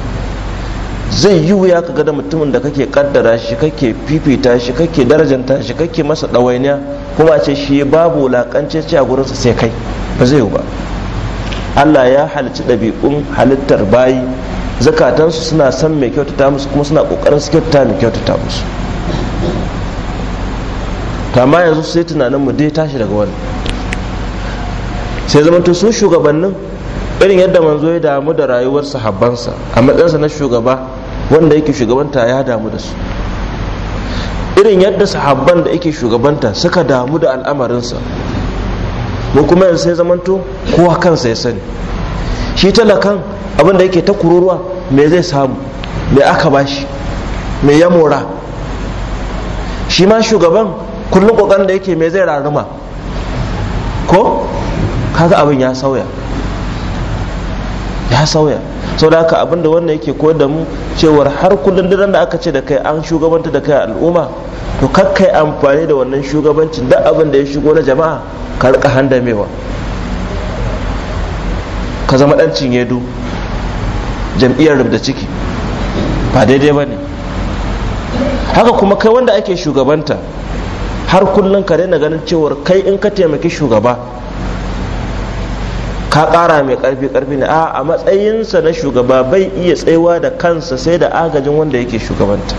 zai yi wuya ka ga da mutumin da kake kaddara shi kake fifita shi kake darajanta shi kake masa ɗawainiya kuma ce shi babu wulakance ce a gurinsa sai kai ba zai yi ba Allah ya halicci ɗabi'un halittar bayi zakatansu suna san mai kyautata musu kuma suna ƙoƙarin su kyautata mai kyautata musu ma yanzu sai tunanin mu dai tashi daga wani sai zamanto su shugabannin irin yadda manzo ya damu da rayuwar sahabbansa a matsayinsa na shugaba wanda yake shugabanta ya damu da su irin yadda sahabban da yake shugabanta suka damu da al'amarinsa mu kuma yanzu sai zamanto kowa kansa ya sani shi talakan abin da yake ta kururuwa me zai samu me aka bashi me ya mora shi ma shugaban kullum kokarin da yake me zai raruma ko kaga abin ya sauya ya sauya sau da haka abinda wannan yake koyar da mu cewar har kullum duk da aka ce da kai an shugabanta da kai al'umma to kakkai amfani da wannan shugabancin duk abin da ya shigo na jama'a ka rika handamewa ka zama dan cinyedu jam'iyyar rubda ciki ba daidai ba ne haka kuma kai wanda ake shugabanta har kullum ka daina ganin cewar kai in ka taimaki shugaba ka kara mai karfi karfi ne a matsayinsa na shugaba bai iya tsayuwa da kansa sai da agajin wanda yake shugabanta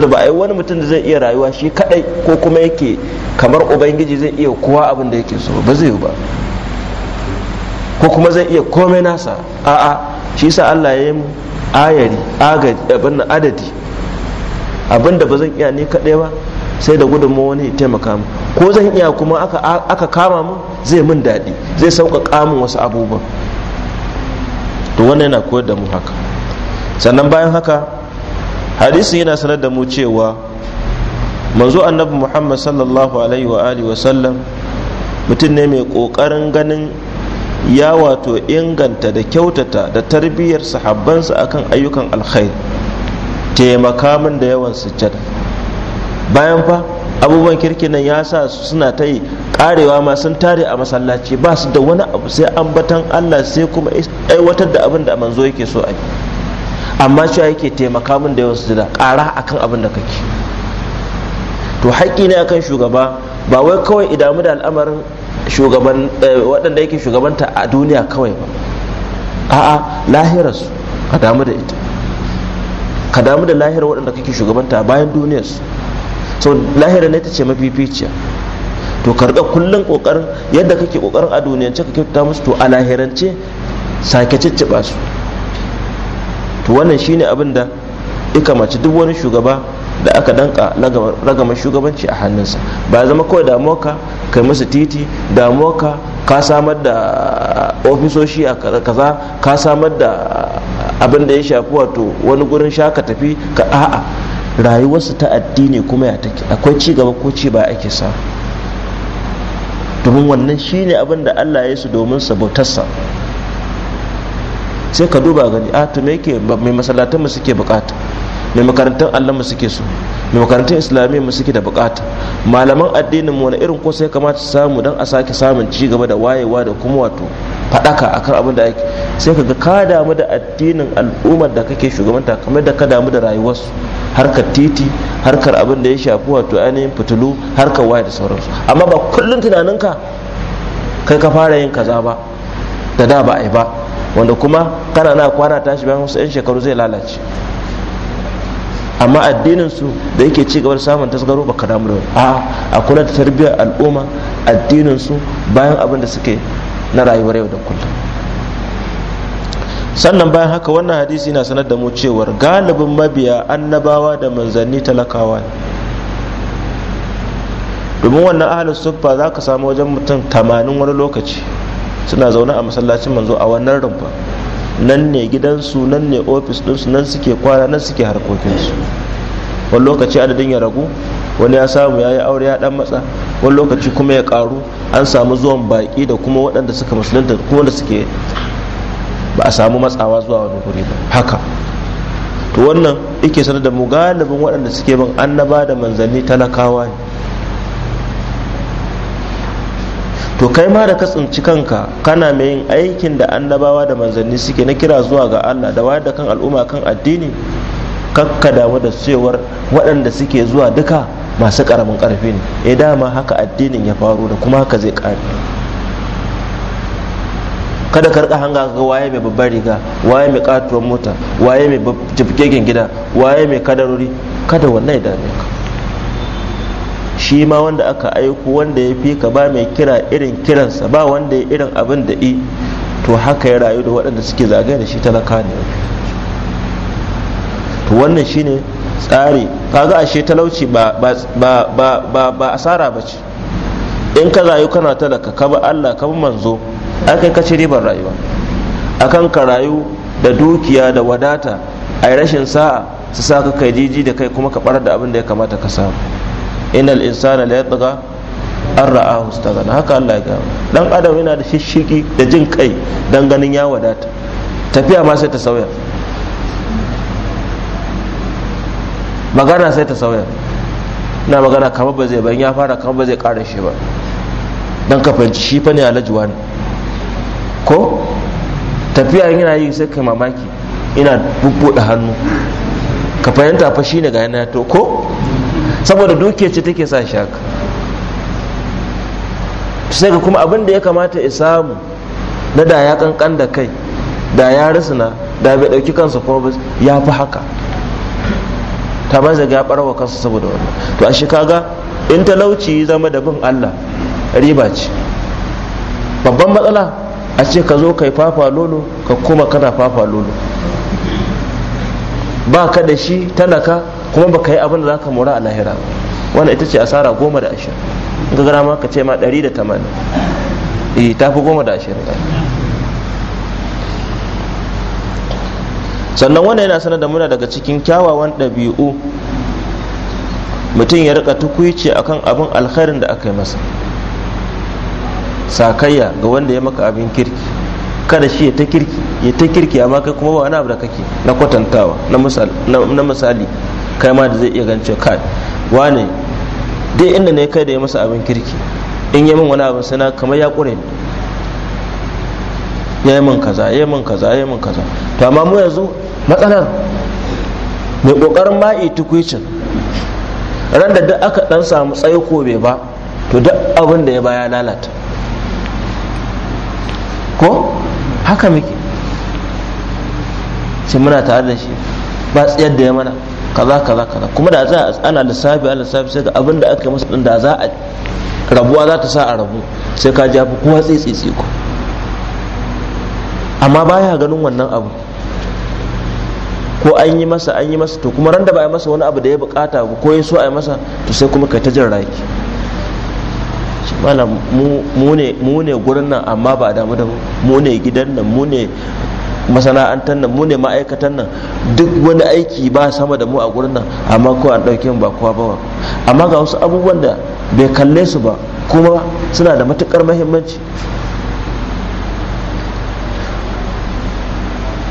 da ba a yi wani mutum da zai iya rayuwa shi kadai ko kuma yake kamar ubangiji zai iya kowa abin da yake so ba zai yi ba ko kuma zai iya komai nasa a'a shi sa Allah ya yi mu ayari agadi abin adadi abin ba zan iya ni kadai ba sai da gudunmu wani ya taimaka mu ko zan iya kuma aka kama mu zai min daɗi zai sauƙaƙa mu wasu abubuwan to wannan yana koyar da mu haka sannan bayan haka hadisi yana sanar da mu cewa manzo annabi muhammad sallallahu alaihi wa alihi wa sallam mutum ne mai ƙoƙarin ganin ya wato inganta da kyautata da tarbiyyar sahabbansa akan ayyukan alkhair, taimaka min da yawan sujjada bayan fa abubuwan kirkin nan ya sa suna ta yi karewa ma sun tare a masallaci ba su da wani abu sai ambatan allah sai kuma aiwatar da abin da manzo yake so a yi amma cewa yake taimaka min da yawan sujada a akan abin da kake to haƙƙi ne akan shugaba ba wai kawai idamu da al'amarin shugaban eh, waɗanda yake shugabanta a duniya kawai ba a'a lahirarsu ka damu da ita ka damu da lahirar waɗanda kake shugabanta bayan duniyarsu so lahira ne ta ce mafificiya to karɓa kullum ƙoƙarin yadda kake ƙoƙarin a duniyance ka kyauta musu to a lahirance sake cicciɓa su to wannan shine abin da ika mace duk wani shugaba da aka danka ragaman shugabanci a hannunsa ba zama kawai damuwarka kai musu titi damuwarka ka samar da ofisoshi a kaza ka samar da abinda da ya shafi wato wani gurin sha ka tafi ka a'a rayuwarsu ta addini kuma ya take akwai ci gaba ko ci ba ake sa, domin wannan shine abin da Allah ya su domin sabotarsa sai ka duba gani a ah, to me yake mai masallatan mu suke bukata mai makarantar allon mu suke so mai makarantar islamiyya mu suke da bukata malaman addinin mu wani irin ko ya kamata su samu don a sake samun ci gaba da wayewa da kuma wato faɗaka akan abin da ake sai ka ga ka damu da addinin al'ummar da kake shugabanta kamar da ka damu da rayuwarsu harkar titi harkar abin da ya shafi wato ainihin fitilu harkar waye da sauransu amma ba kullum tunaninka kai ka fara yin kaza ba da da ba a yi ba wanda kuma kana na kwana tashi bayan wasu 'yan shekaru zai lalace amma addinin su da yake ci gaba da samun tasgaro ba damu da a a kula da tarbiyyar al'umma addinin su bayan abin da suke na rayuwar yau da kullum sannan bayan haka wannan hadisi na sanar da mu cewar galibin mabiya annabawa da manzanni talakawa ne domin wannan ahalin suffa za ka samu wajen mutum tamanin wani lokaci suna zaune a masallacin manzo a wannan rumfa nan ne gidansu nan ne ofis ɗinsu nan suke kwana nan suke harkokinsu wani lokaci adadin ya ragu wani ya samu ya yi aure ya ɗan matsa wani lokaci kuma ya karu an samu zuwan baki da kuma waɗanda suka musulunta kuma wanda suke ba a samu matsawa zuwa wani guri ba haka to wannan ike sanar da mu galibin waɗanda suke bin annaba da manzanni talakawa ne to kai ma da ka tsinci kanka kana mai yin aikin da annabawa da manzanni suke na kira zuwa ga Allah da wayar da kan al'umma kan addini kakka damu da cewar waɗanda suke zuwa duka masu karamin karfi ne E, dama haka addinin ya faru da kuma haka zai kare. kada ka rika hanga ga waye mai babbar riga waye mai katuwar mota waye mai jibgegen gida waye mai kadarori kada wannan ya dame ka shi ma wanda aka aiko wanda ya fi ka ba mai kira irin kiransa ba wanda ya irin abin da i to haka ya rayu da waɗanda suke zagaya da shi talaka ne to wannan shi ne tsari kaga ashe talauci ba ba asara ba ce in ka rayu kana talaka ka ba Allah ka manzo akai ka ci ribar rayuwa akan ka rayu da dukiya da wadata a yi rashin sa'a su sa ka kai jiji da kai kuma ka barar da abin da ya kamata ka samu innal insana la yatgha an ra'ahu staghna haka Allah ya gama dan adam yana da shishiki da jin kai dan ganin ya wadata tafiya ma sai ta sauya magana sai ta sauya na magana kamar ba zai bayan ya fara kamar ba zai kara shi ba dan ka fahimci shi fa ne alajuwa ne ko tafiya yana yi sai kai mamaki ina bubbuɗe hannu ka fahimta fa shi ne ga yana to ko saboda dukiya ce take sa shaka sai ga kuma abin da ya kamata ya samu na da ya kankan da kai da ya risina da bai dauki kansa kuma ya fi haka ta ba zaga ya barwa kansa saboda wannan to a shi ga in talauci zama da bin Allah riba ce babban matsala a ce ka zo kai fafa lolo ka kuma kana fafa lolo ba ka da shi talaka kuma baka yi abin da zaka mora a lahira wannan ita ce asara goma da ashirin in ka gara ma ka ce ma ɗari da tamanin eh ta fi goma da ashirin sannan wannan yana sanar da muna daga cikin kyawawan ɗabi'u mutum ya rika a kan abin alkhairin da aka yi masa sakayya ga wanda ya maka abin kirki kada shi ya ta kirki ya ta kirki amma kai kuma ba wani abu da kake na kwatantawa na misali kai ma da zai iya gance kai wane dai inda ne kai da ya masa abin kirki in yi min wani abin sana kamar ya ƙure ya yi min kaza ya yi min kaza ya yi min kaza to amma mu yanzu matsalar mai ƙoƙarin ba tukwicin ran da duk aka ɗan samu tsaiko bai ba to duk abin da ya baya lalata ko haka muke sai muna tare da shi ba tsayar da ya mana kaza kaza kaza kuma da za a ana lissafi ana lissafi sai ga abin da aka masa din da za a rabuwa za ta sa a rabu sai ka jafi kowa tsi ku amma baya ganin wannan abu ko an yi masa an yi masa to kuma ran da ba a masa wani abu da ya bukata ko ya so a yi masa to sai kuma kai ta jin raki mu ne gurin nan amma ba damu da mu ne gidan nan mu ne masana'antar nan mu ne ma'aikatan nan duk wani aiki ba sama da mu a gurin nan amma ko an ɗauke mu ba kowa ba amma ga wasu abubuwan da bai kalle su ba kuma suna da matukar mahimmanci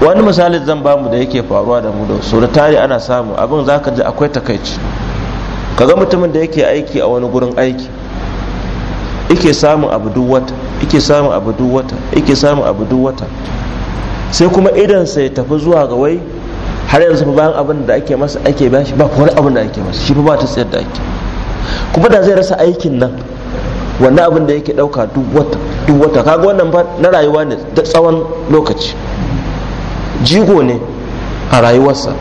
wani misali zan ba mu da yake faruwa da mu da su da tare ana samu abin za ka ji akwai takaici ka ga mutumin da yake aiki a wani gurin aiki ike samun abu duk ike samun abu duk ike samun abu duk sai kuma idansa ya tafi zuwa ga wai har yanzu fa bayan abin da ake masa ake shi ba wani abin da ake masa shi fa ba ta tsayar da ake kuma da zai rasa aikin nan wannan abin da yake dauka duk wata kaga wannan ba na rayuwa ne da tsawon lokaci jigo ne a rayuwarsa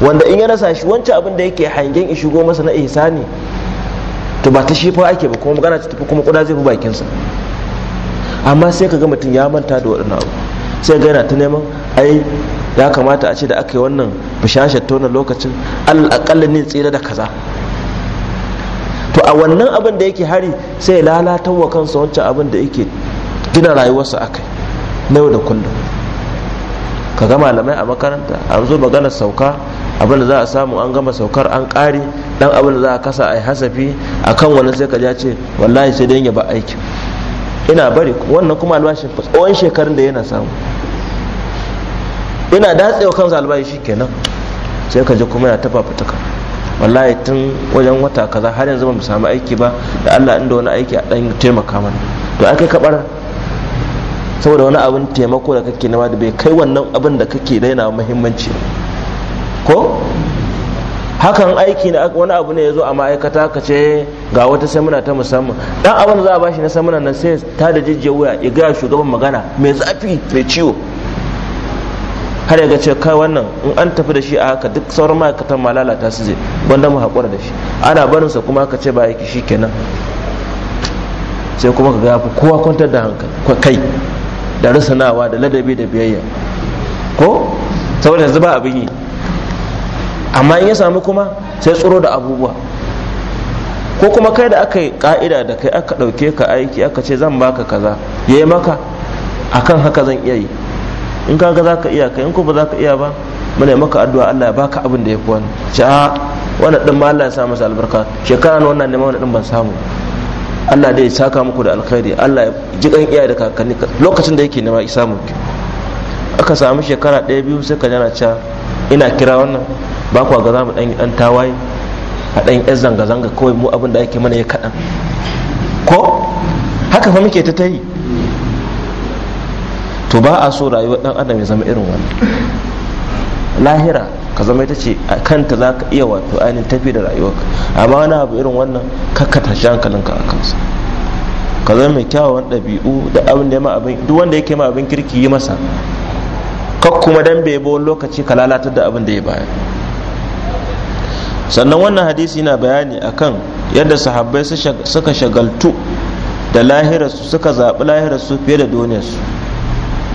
wanda in ya rasa shi wancan abin da yake hangen shigo masa na ihsani to ba ta shi fa ake ba kuma magana ta tafi kuma kuda zai fi bakinsa amma sai ka ga mutum ya manta da waɗannan abu sai ga yana ta neman ai ya kamata a ce da aka yi wannan bishashar tona lokacin alakalla ne tsira da kaza to a wannan abin da yake hari sai ya lalata wa kansa wancan abin da yake gina rayuwarsa a kai na yau da kullum ka ga malamai a makaranta an zo magana sauka abin da za a samu an gama saukar an ƙare dan abin da za a kasa a yi hasafi a kan wani sai ka ja ce wallahi sai dai ya ba aikin ina bari wannan kuma albashin tsawon shekarun da yana samu ina datsewa kansa albashi kenan sai ka ji kuma yana tafa wallahi tun wajen wata kaza har yanzu ba mu samu aiki ba da Allah inda wani aiki a ɗan taimaka mana to akai kabar saboda wani abin taimako da kake nema da bai kai wannan abin da kake daina muhimmanci ko hakan aiki na wani abu ne ya zo a ma'aikata ka ce ga wata samuna ta musamman dan abin da za a bashi na samuna na sai ta da jijiyar wuya ya gaya shugaban magana mai zafi mai ciwo har ya ga ce kai wannan in an tafi da shi a haka duk sauran ma'aikatan ma lalata su zai wanda mu haƙura da shi ana barinsa kuma ka ce ba aiki shi kenan sai kuma ka ga kowa kwantar da hankali kai da rasanawa da ladabi da biyayya ko saboda yanzu ba abin yi amma in ya samu kuma sai tsoro da abubuwa ko kuma kai da aka yi ka'ida da kai aka ɗauke ka aiki aka ce zan baka kaza ya yi maka akan haka zan iya yi in ka ga za ka iya kai in ko ba za ka iya ba muna maka addu'a Allah ya baka abin da ya fi wani ce a wannan ɗin ma Allah ya sa masa albarka shekara na wannan neman wannan ɗin ban samu Allah dai ya saka muku da alkhairi Allah ya ji kan iya da kakanni lokacin da yake nema ya samu aka samu shekara ɗaya biyu sai ka jana cewa ina kira wannan ba kuwa ga za mu dan tawaye a dan yan zanga-zanga kawai mu abin da ake mana ya kaɗan ko haka fa muke ta ta yi to ba a so rayuwa dan adam ya zama irin wannan lahira ka zama ita ce a kanta za ka iya wato ainihin tafi da rayuwarka amma wani abu irin wannan kakkata shi hankalinka a kansa ka zama mai kyawawan ɗabi'u da abin da ya ma abin duk wanda yake ma abin kirki yi masa kak kuma dan bai bo lokaci ka lalatar da abin da ya baya sannan wannan hadisi na bayani akan yadda sahabbai suka shagaltu da lahirarsu suka zaɓi lahirarsu fiye da duniyarsu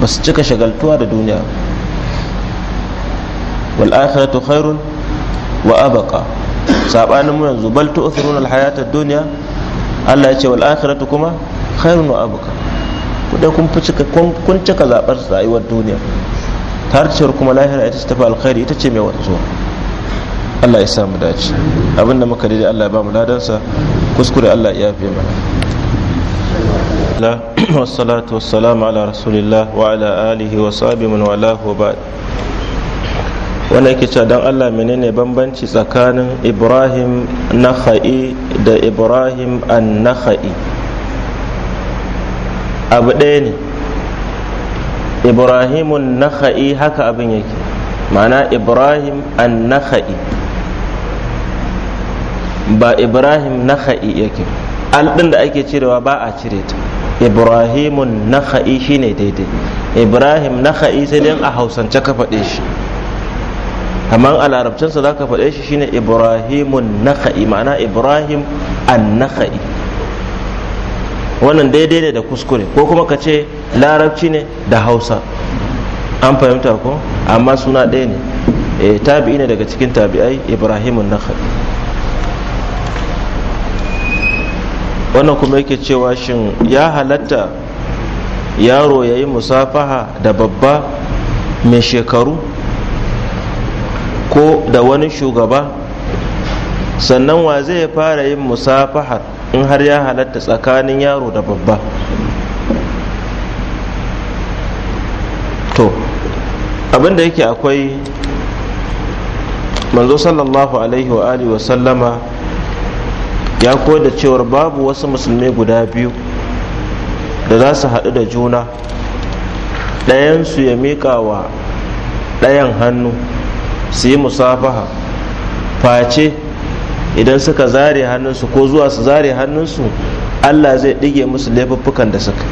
ba su cika shagaltuwa da duniya wal akhiratu khairun wa abqa sabanin mu yanzu bal tu'thiruna al hayata ad-dunya Allah ya ce wal akhiratu kuma khairun wa abqa ku da kun cika kun cika zabar rayuwar duniya har cewar kuma lahira ita ce tafi alkhairi ita ce mai wanzuwa Allah ya samu dace abinda muka daidai Allah ya ba mu ladansa kuskure Allah ya fi mana wassalatu wassalamu ala rasulillah wa ala alihi wa sahbihi man wala wa ba wannan yake cewa dan Allah menene bambanci tsakanin Ibrahim Nakhai da Ibrahim An-Nakhai abu ɗaya ne ibrahimun nakha'i haka abin yake ma'ana ibrahim an nakha'i ba ibrahim nakha'i yake alɗin da ake cirewa ba a cire ta ibrahimun nakha'i shine daidai ibrahim nakha'i sai dai a hausance ka faɗe shi amma a larabcinsa za ka faɗe shi shine ibrahimun nakha'i ma'ana ibrahim an nakha'i wannan daidai ne da kuskure ko kuma ka ce larabci ne da hausa an fahimta ko amma suna ɗaya ne eh, tabi'i ne daga cikin tabi'ai ibrahim nakhal wannan kuma yake cewa shin ya halatta yaro ya yi musafaha da babba mai shekaru ko da wani shugaba sannan wa zai fara yin musafahar in har ya halatta tsakanin yaro da babba to abinda yake akwai manzo sallallahu alaihi wa alihi wa sallama ya koyar da cewar babu wasu musulmai guda biyu da za su haɗu da juna ɗayan su ya miƙa wa ɗayan hannu su yi musafaha face idan suka zare hannunsu ko zuwa su zare hannunsu allah zai ɗige musu laifuffukan da suka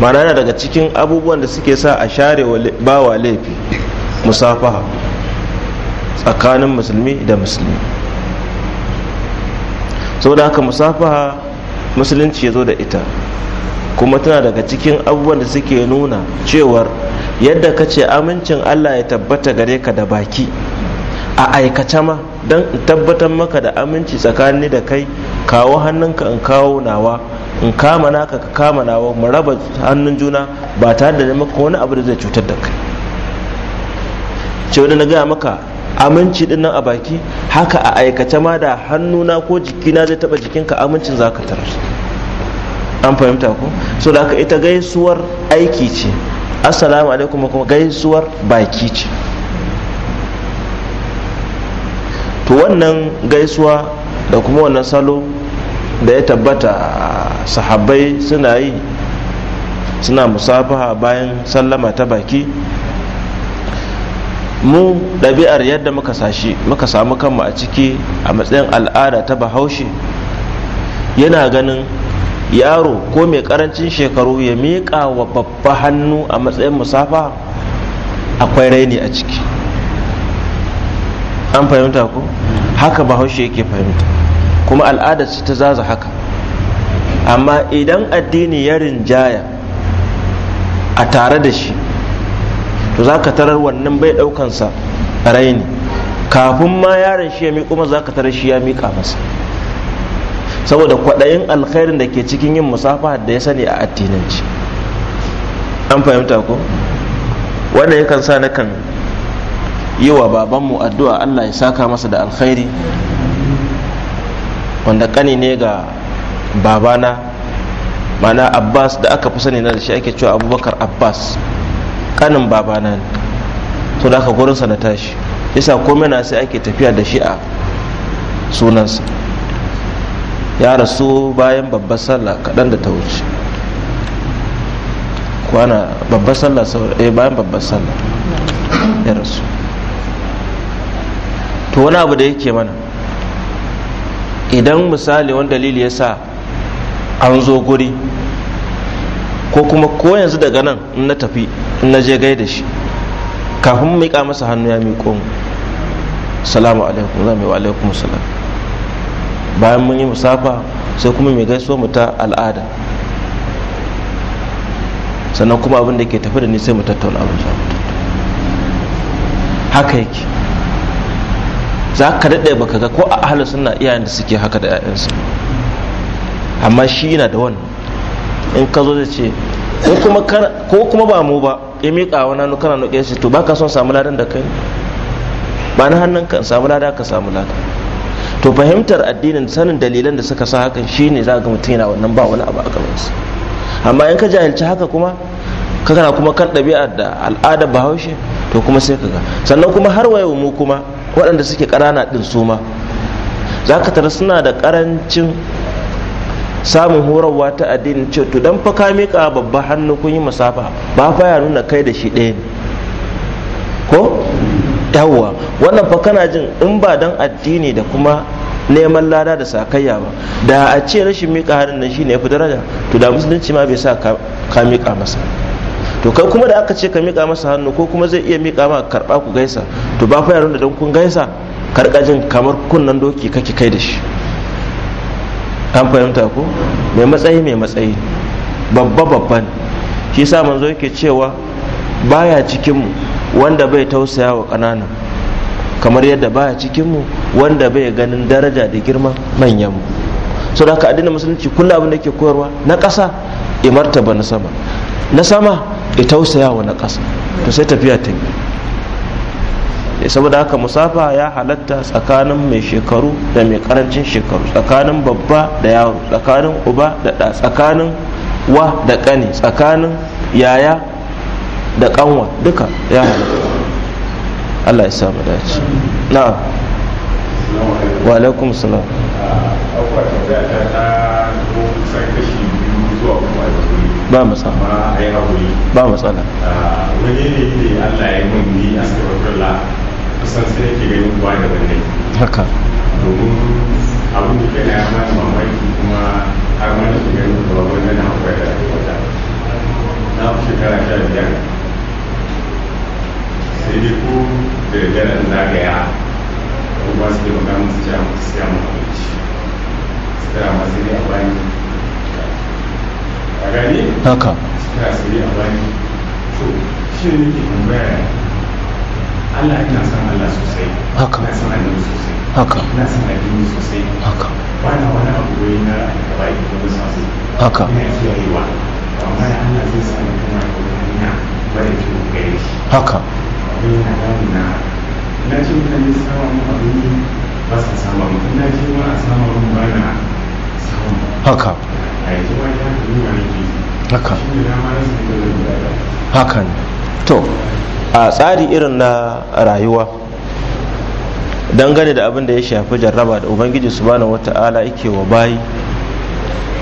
mana yana daga cikin abubuwan da suke sa a share bawa laifi musafaha tsakanin musulmi da musulmi saboda haka musafaha musulunci ya zo da ita kuma tana daga cikin abubuwan da suke nuna cewar yadda ka ce amincin allah ya tabbata gare ka da baki a aikace ma don in tabbatar maka da aminci tsakani da kai kawo hannunka in kawo nawa in kama naka ka kama nawa mu raba hannun juna ba tare da maka wani abu da zai cutar da kai ce wani na gaya maka aminci din nan a baki haka a aikace ma da hannuna ko jikina zai taba jikinka amincin za ka tarar an fahimta ko so da haka ita gaisuwar aiki ce assalamu alaikum kuma gaisuwar baki ce to wannan gaisuwa da kuma wannan salo da ya tabbata sahabbai suna yi suna musafaha bayan sallama ta baki mu ɗabi'ar yadda muka sashi muka samu kanmu a ciki a matsayin al'ada ta bahaushe yana ganin yaro ko mai karancin shekaru ya miƙa wa babba hannu a matsayin musafa akwai raini a ciki an fahimta ko haka bahaushe yake fahimta kuma al'adar su ta zaza haka amma idan addini ya rinjaya a tare da shi to za ka tarar wannan bai ɗaukansa raini kafin ma yaron shi ya mi kuma za ka tarar shi ya miƙa masa saboda kwaɗayin alkhairin da ke cikin yin musafa da ya sani a addinanci an fahimta ko wannan yakan sa na kan yi wa babanmu addu'a Allah ya saka masa da alkhairi wanda kani ne ga babana mana abbas da aka fi sani na da shi ake cewa abubakar abbas kanin babana ne to da aka gurinsa na tashi yasa komai na sai ake tafiya da shi a sunansa ya rasu bayan babbar sallah kaɗan da ta wuce kwana babbar sallah eh, bayan babbar sallah ya rasu to wani abu da yake mana idan misali wani dalili ya sa an zo guri ko kuma ko yanzu daga nan in na tafi in na je gaida shi kafin mu miƙa masa hannu ya miƙo mu salamu alaikum za mu wa alaikum salam bayan mun yi musafa sai kuma mai gaiso mu ta al'ada sannan kuma abin da ke tafi da ni sai mu tattauna abin za haka yake za ka daɗe baka ga ko a ahalar suna iyayen da suke haka da 'ya'yansu amma shi yana da wannan in ka zo da ce ko kuma ba mu ba ya miƙa wani hannu kana nuke shi to ba ka son samu ladan da kai ba na hannun kan samu lada ka samu lada to fahimtar addinin sanin dalilan da suka sa hakan shine za ga mutum yana wannan ba wani abu a gabansa amma in ka jahilci haka kuma ka kana kuma kan ɗabi'ar da al'adar bahaushe to kuma sai ka ga sannan kuma har wayo mu kuma waɗanda suke ƙarana ɗin su ma za ka tara suna da ƙarancin samun horarwa ta addinin ce to dan fa ka miƙa babba hannu kun yi masafa ba baya nuna kai da shi ɗaya ne ko yawwa wannan fa kana jin in ba dan addini da kuma neman lada da sakayya ba da a ce rashin miƙa hannun nan ne ya fi daraja to da musulunci ma bai sa ka miƙa masa to kai kuma da aka ce ka miƙa masa hannu ko kuma zai iya miƙa ma karɓa ku gaisa to ba fa yaron da don kun gaisa karkajin jin kamar kunnan doki kake kai da shi an fahimta ko mai matsayi mai matsayi babba babban shi sa manzo yake cewa baya cikinmu wanda bai tausaya wa ƙananan, kamar yadda baya cikinmu wanda bai ganin daraja da girma manyanmu so da haka musulunci kullum abin da ke koyarwa na ƙasa imarta ba na sama na sama ya tausaya wa na ƙasa to sai tafiya ta yi eh, saboda haka musafa ya halatta tsakanin mai shekaru da mai karancin shekaru tsakanin babba da yaro tsakanin uba da ɗa tsakanin wa da ƙani tsakanin yaya da ƙanwa duka ya halatta allah ya samu dace na wa alaikum salam ba matsala ba matsala ah, wani ne Allah ya mun ni astaghfirullah kusan sai yake kuwa da haka domin abin da kai ya mana mamaki kuma har ma da shiga yin wani wannan na akwai da wata na fi shekara sha biyar sai dai ko da daren zagaya ko ba su da magana su ci a masu siya masu abinci su tara masu ne a bayan a gani haka suna sauri a ne nake tambaya Allah ina san sosai haka ina san sosai haka ina san sosai haka bana wani abu wai na alkaba yi kuma sosai haka ina kiyayewa amma Allah zai sa ni ko hanya bare ki gare shi haka ina damuna na ce mutane sama mu abin ba sa sama mu ce ma a sama bana haka haka haka to a tsari irin na rayuwa dangane da abin da ya shafi jarraba da ubangiji subhanahu wata'ala yake wa bayi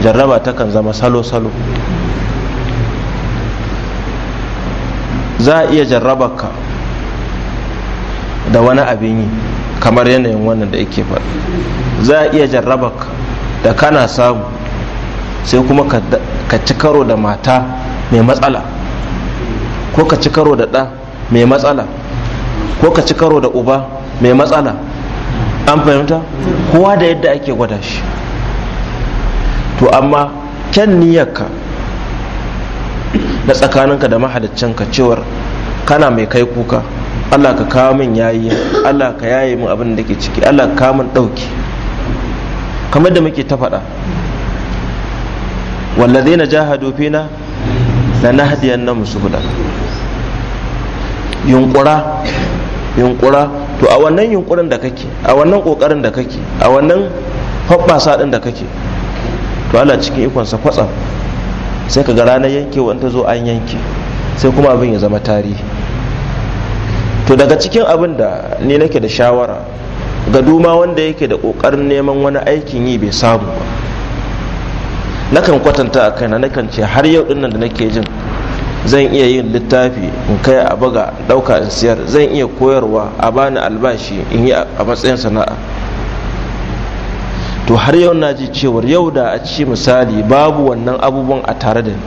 jarraba takan zama salo-salo za a iya ka da wani abin yi kamar yanayin wannan da yake faɗi za a iya ka da kana samu sai kuma ka ci karo da mata mai matsala ko ka ci karo da ɗa mai matsala ko ka ci karo da uba mai matsala an fahimta kowa da yadda ake gwada shi to amma kyan niyyarka na tsakaninka da ka, cewar kana mai kai kuka allah ka kawo min yayi allah ka yaye min abin ke ciki allah ka kawo min ɗauki kamar da muke ta faɗa wallazi na jahadu fina na nahdiyan na yunkura yunkura to a wannan yunkurin da kake a wannan kokarin da kake a wannan hoɓɓasa ɗin da kake to Allah cikin ikonsa kwatsam sai ka ga ranar yanke wanda zo an yanke sai kuma abin ya zama tarihi to daga cikin abin da ni nake da shawara ga duma wanda yake da ƙoƙarin neman wani aikin yi bai samu ba na kan kwatanta a kaina kan ce har yau dinnan da nake jin zan iya yin littafi in kai a buga ɗauka in siyar zan iya koyarwa a bani albashi in yi a matsayin sana'a to har yau na ji cewar yau da a ci misali babu wannan abubuwan a tare da ni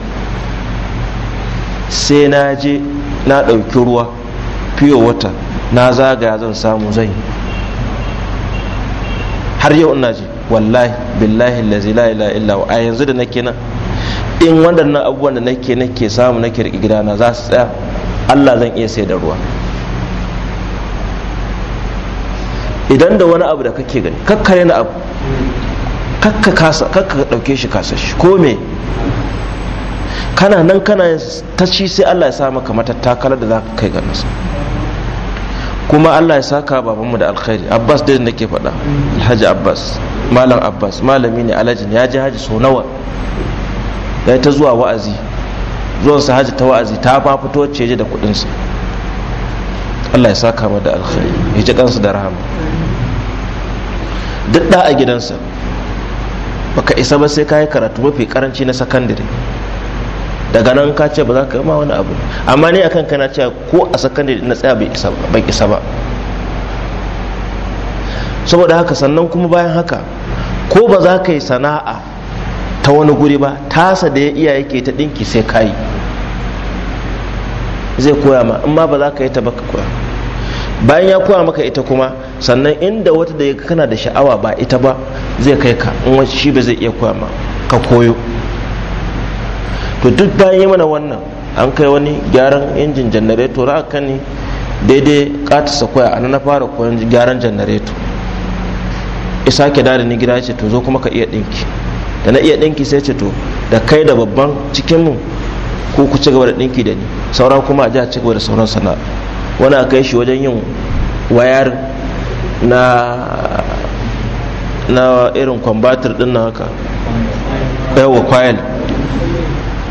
sai na je na ɗauki ruwa fiye wata na zagaya zan samu zan har yau ina ji wallahi billahi lazi la ila illa a yanzu da nake nan in wadannan abubuwan da nake nake samu nake riƙe gidana za su tsaya Allah zan iya sai da ruwa idan da wani abu da kake gani kakkare na abu kakka ɗauke shi kasa shi ko me kana nan kana ta ci sai Allah ya sa maka matattakalar da za ka kai ga kuma allah ya saka babanmu da alkhairi abbas da nake faɗa alhaji abbas malam abbas malami ne alhajin ya ji haji so nawa ya ta zuwa wa'azi zuwan sa haji ta wa'azi ta ba fito ce da kuɗinsa allah ya saka ma da alkhairi ya ji kansa da rahama duk da a gidansa baka isa ba sai ka yi karatu mafi karanci na sakandare daga nan ka ce ba za ka ma wani abu amma ne akan kana cewa ko a sakandare na tsaya bai isa ba saboda haka sannan kuma bayan haka ko ba za ka yi sana'a ta wani guri ba tasa da ya iya yake ta ɗinki sai ka yi zai koya ma amma ba za ka yi ta ba ka koya bayan ya koya maka ita kuma sannan inda wata da kana da sha'awa ba ita ba zai kai ka in wacce shi ba zai iya koya ma ka koyo to duk bayan yi mana wannan an kai wani gyaran injin janareto kan ni daidai katisa koya a na fara koyon gyaran janareto isa ke dada ni gida ce to zo kuma ka iya ɗinki da na iya ɗinki sai ce to da kai da babban cikinmu ko ku ci gaba da ɗinki da ni sauran kuma a ji a ci gaba da sauran sana'a wani a kai shi wajen yin wayar na na irin kwambatar din na haka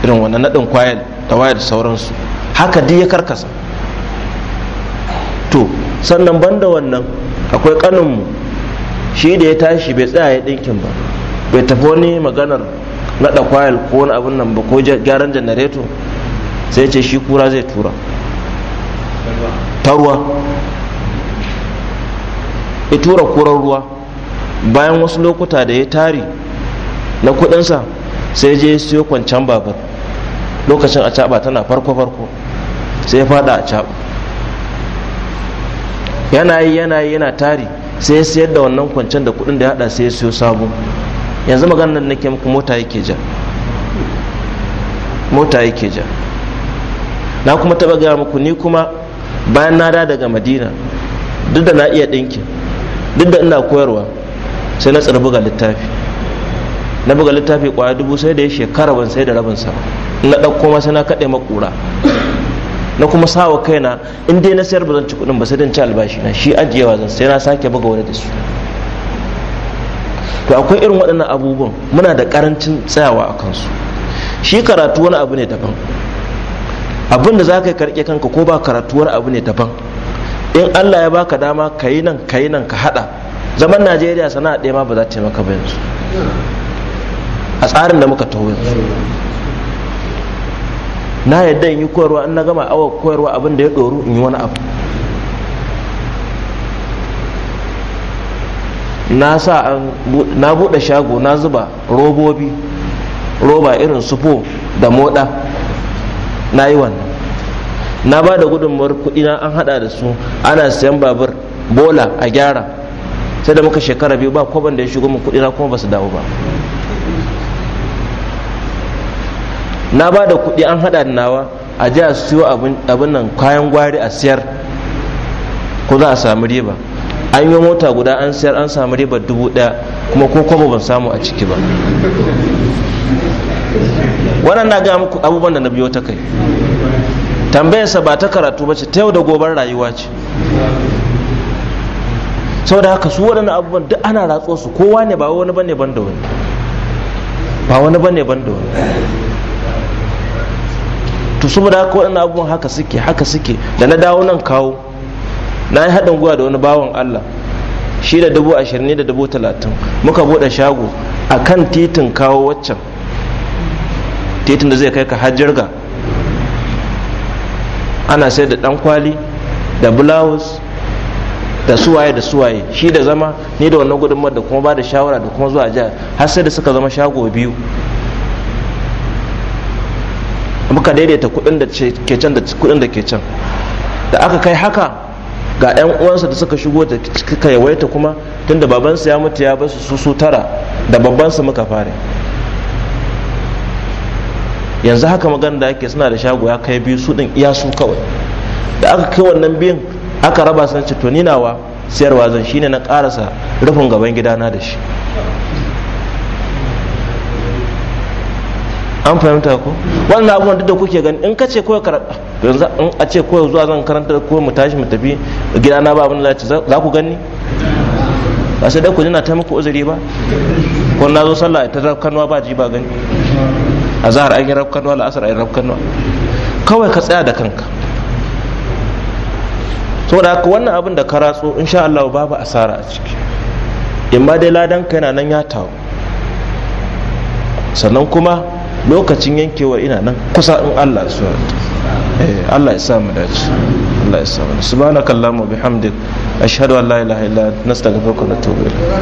irin wannan naɗin kwayar da wayar sauransu haka duk ya karkasa to sannan banda wannan akwai kaninmu shi da ya tashi bai tsaya ya ɗinkin ba bai tafi wani maganar naɗa kwayar ko wani abin nan ba ko gyaran janareto sai ce shi kura zai tura ta ruwa ya tura kurar ruwa bayan wasu lokuta da ya tari na kudinsa sai je siyo kwancan babur lokacin a caba tana farko-farko sai ya fada a caba yana yi yana tari sai ya sayar da wannan kwancen da kudin da ya hada sai ya siyo sabo yanzu maganar nake muku mota yake ja mota yake ja na kuma taba gaya muku ni kuma bayan na da daga madina duk da na iya ɗinki duk da ina koyarwa sai na tsarbuga littafi na buga littafi kwaya dubu sai da ya shekara ban sai da rabinsa na ɗauko ma sai na kaɗe makura na kuma sawa kaina in dai na sayar ba zan ci kuɗin ba sai dan ci albashi na shi ajiyewa zan sai na sake buga wani da su to akwai irin waɗannan abubuwan muna da ƙarancin tsayawa a kansu shi karatu wani abu ne daban abin da za ka yi karke kanka ko ba karatu wani abu ne daban in allah ya baka dama ka yi nan ka yi nan ka haɗa zaman najeriya sana'a ɗaya ma ba za ta taimaka ba yanzu a tsarin da muka taho na yadda in yi koyarwa in na gama awa koyarwa abin da ya ɗoru in yi wani abu na sa na buɗe shago na zuba robobi roba irin sufo da moɗa na yi wannan na ba da gudunmawar kuɗi na an haɗa da su ana sayan babur bola a gyara sai da muka shekara biyu ba kwaban da ya shigo mu kuɗi na kuma ba su dawo ba na ba da kuɗi an haɗa da nawa a ji a siyo abin nan kayan gwari a siyar ko za a samu riba an yi mota guda an siyar an samu riba dubu ɗaya kuma ko kwabo ban samu a ciki ba waɗanda ga muku abubuwan da na biyo ta kai tambayarsa ba ta karatu ba ce ta yau da gobar rayuwa ce sau da haka su waɗanda abubuwan duk ana ratso su kowa ne ba wani bane ban da wani ba wani bane ban da wani to saboda haka waɗannan abubuwan haka suke haka suke da na dawo nan kawo na yi haɗin gwiwa da wani bawan allah shi da dubu ashirin ne da dubu talatin muka buɗe shago a kan titin kawo waccan titin da zai kai ka hajjirga ana sai da ɗan kwali da bulawus da suwaye da suwaye shi da zama ni da wannan gudunmar da kuma ba da shawara da kuma zuwa jihar har sai da suka zama shago biyu muka daidaita kudin da ke can da aka kai haka ga 'yan uwansa da suka shigo da suka yawaita kuma tunda babansa ya mutu ya basu su su tara da babbansa muka fare yanzu haka magana da ake suna da shago ya kai biyu su din iya su kawai da aka kai wannan biyun aka raba su na ce to ninawa sayarwa zan shine na karasa rufin gaban gidana da shi an fahimta ko wannan abubuwan duk da kuke gani in ka ce kawai karatu yanzu in a ce kawai zuwa zan karanta ko mu tashi mu tafi gida na ba abin da za ku gani ba sai dai ku jina ta muku uzuri ba ko na zo sallah ta rafkanwa ba ji ba gani a zahar an yi rafkanwa la'asar an yi rafkanwa kawai ka tsaya da kanka da haka wannan abin da ka ratso insha Allah babu asara a ciki in ma dai ladan ka yana nan ya tawo sannan kuma lokacin yankewar ina nan kusa in Allah su eh, Allah ya samu mu dace Allah ya sa mu subhanakallahumma bihamdik ashhadu an la ilaha illa anta nastaghfiruka wa na ilayk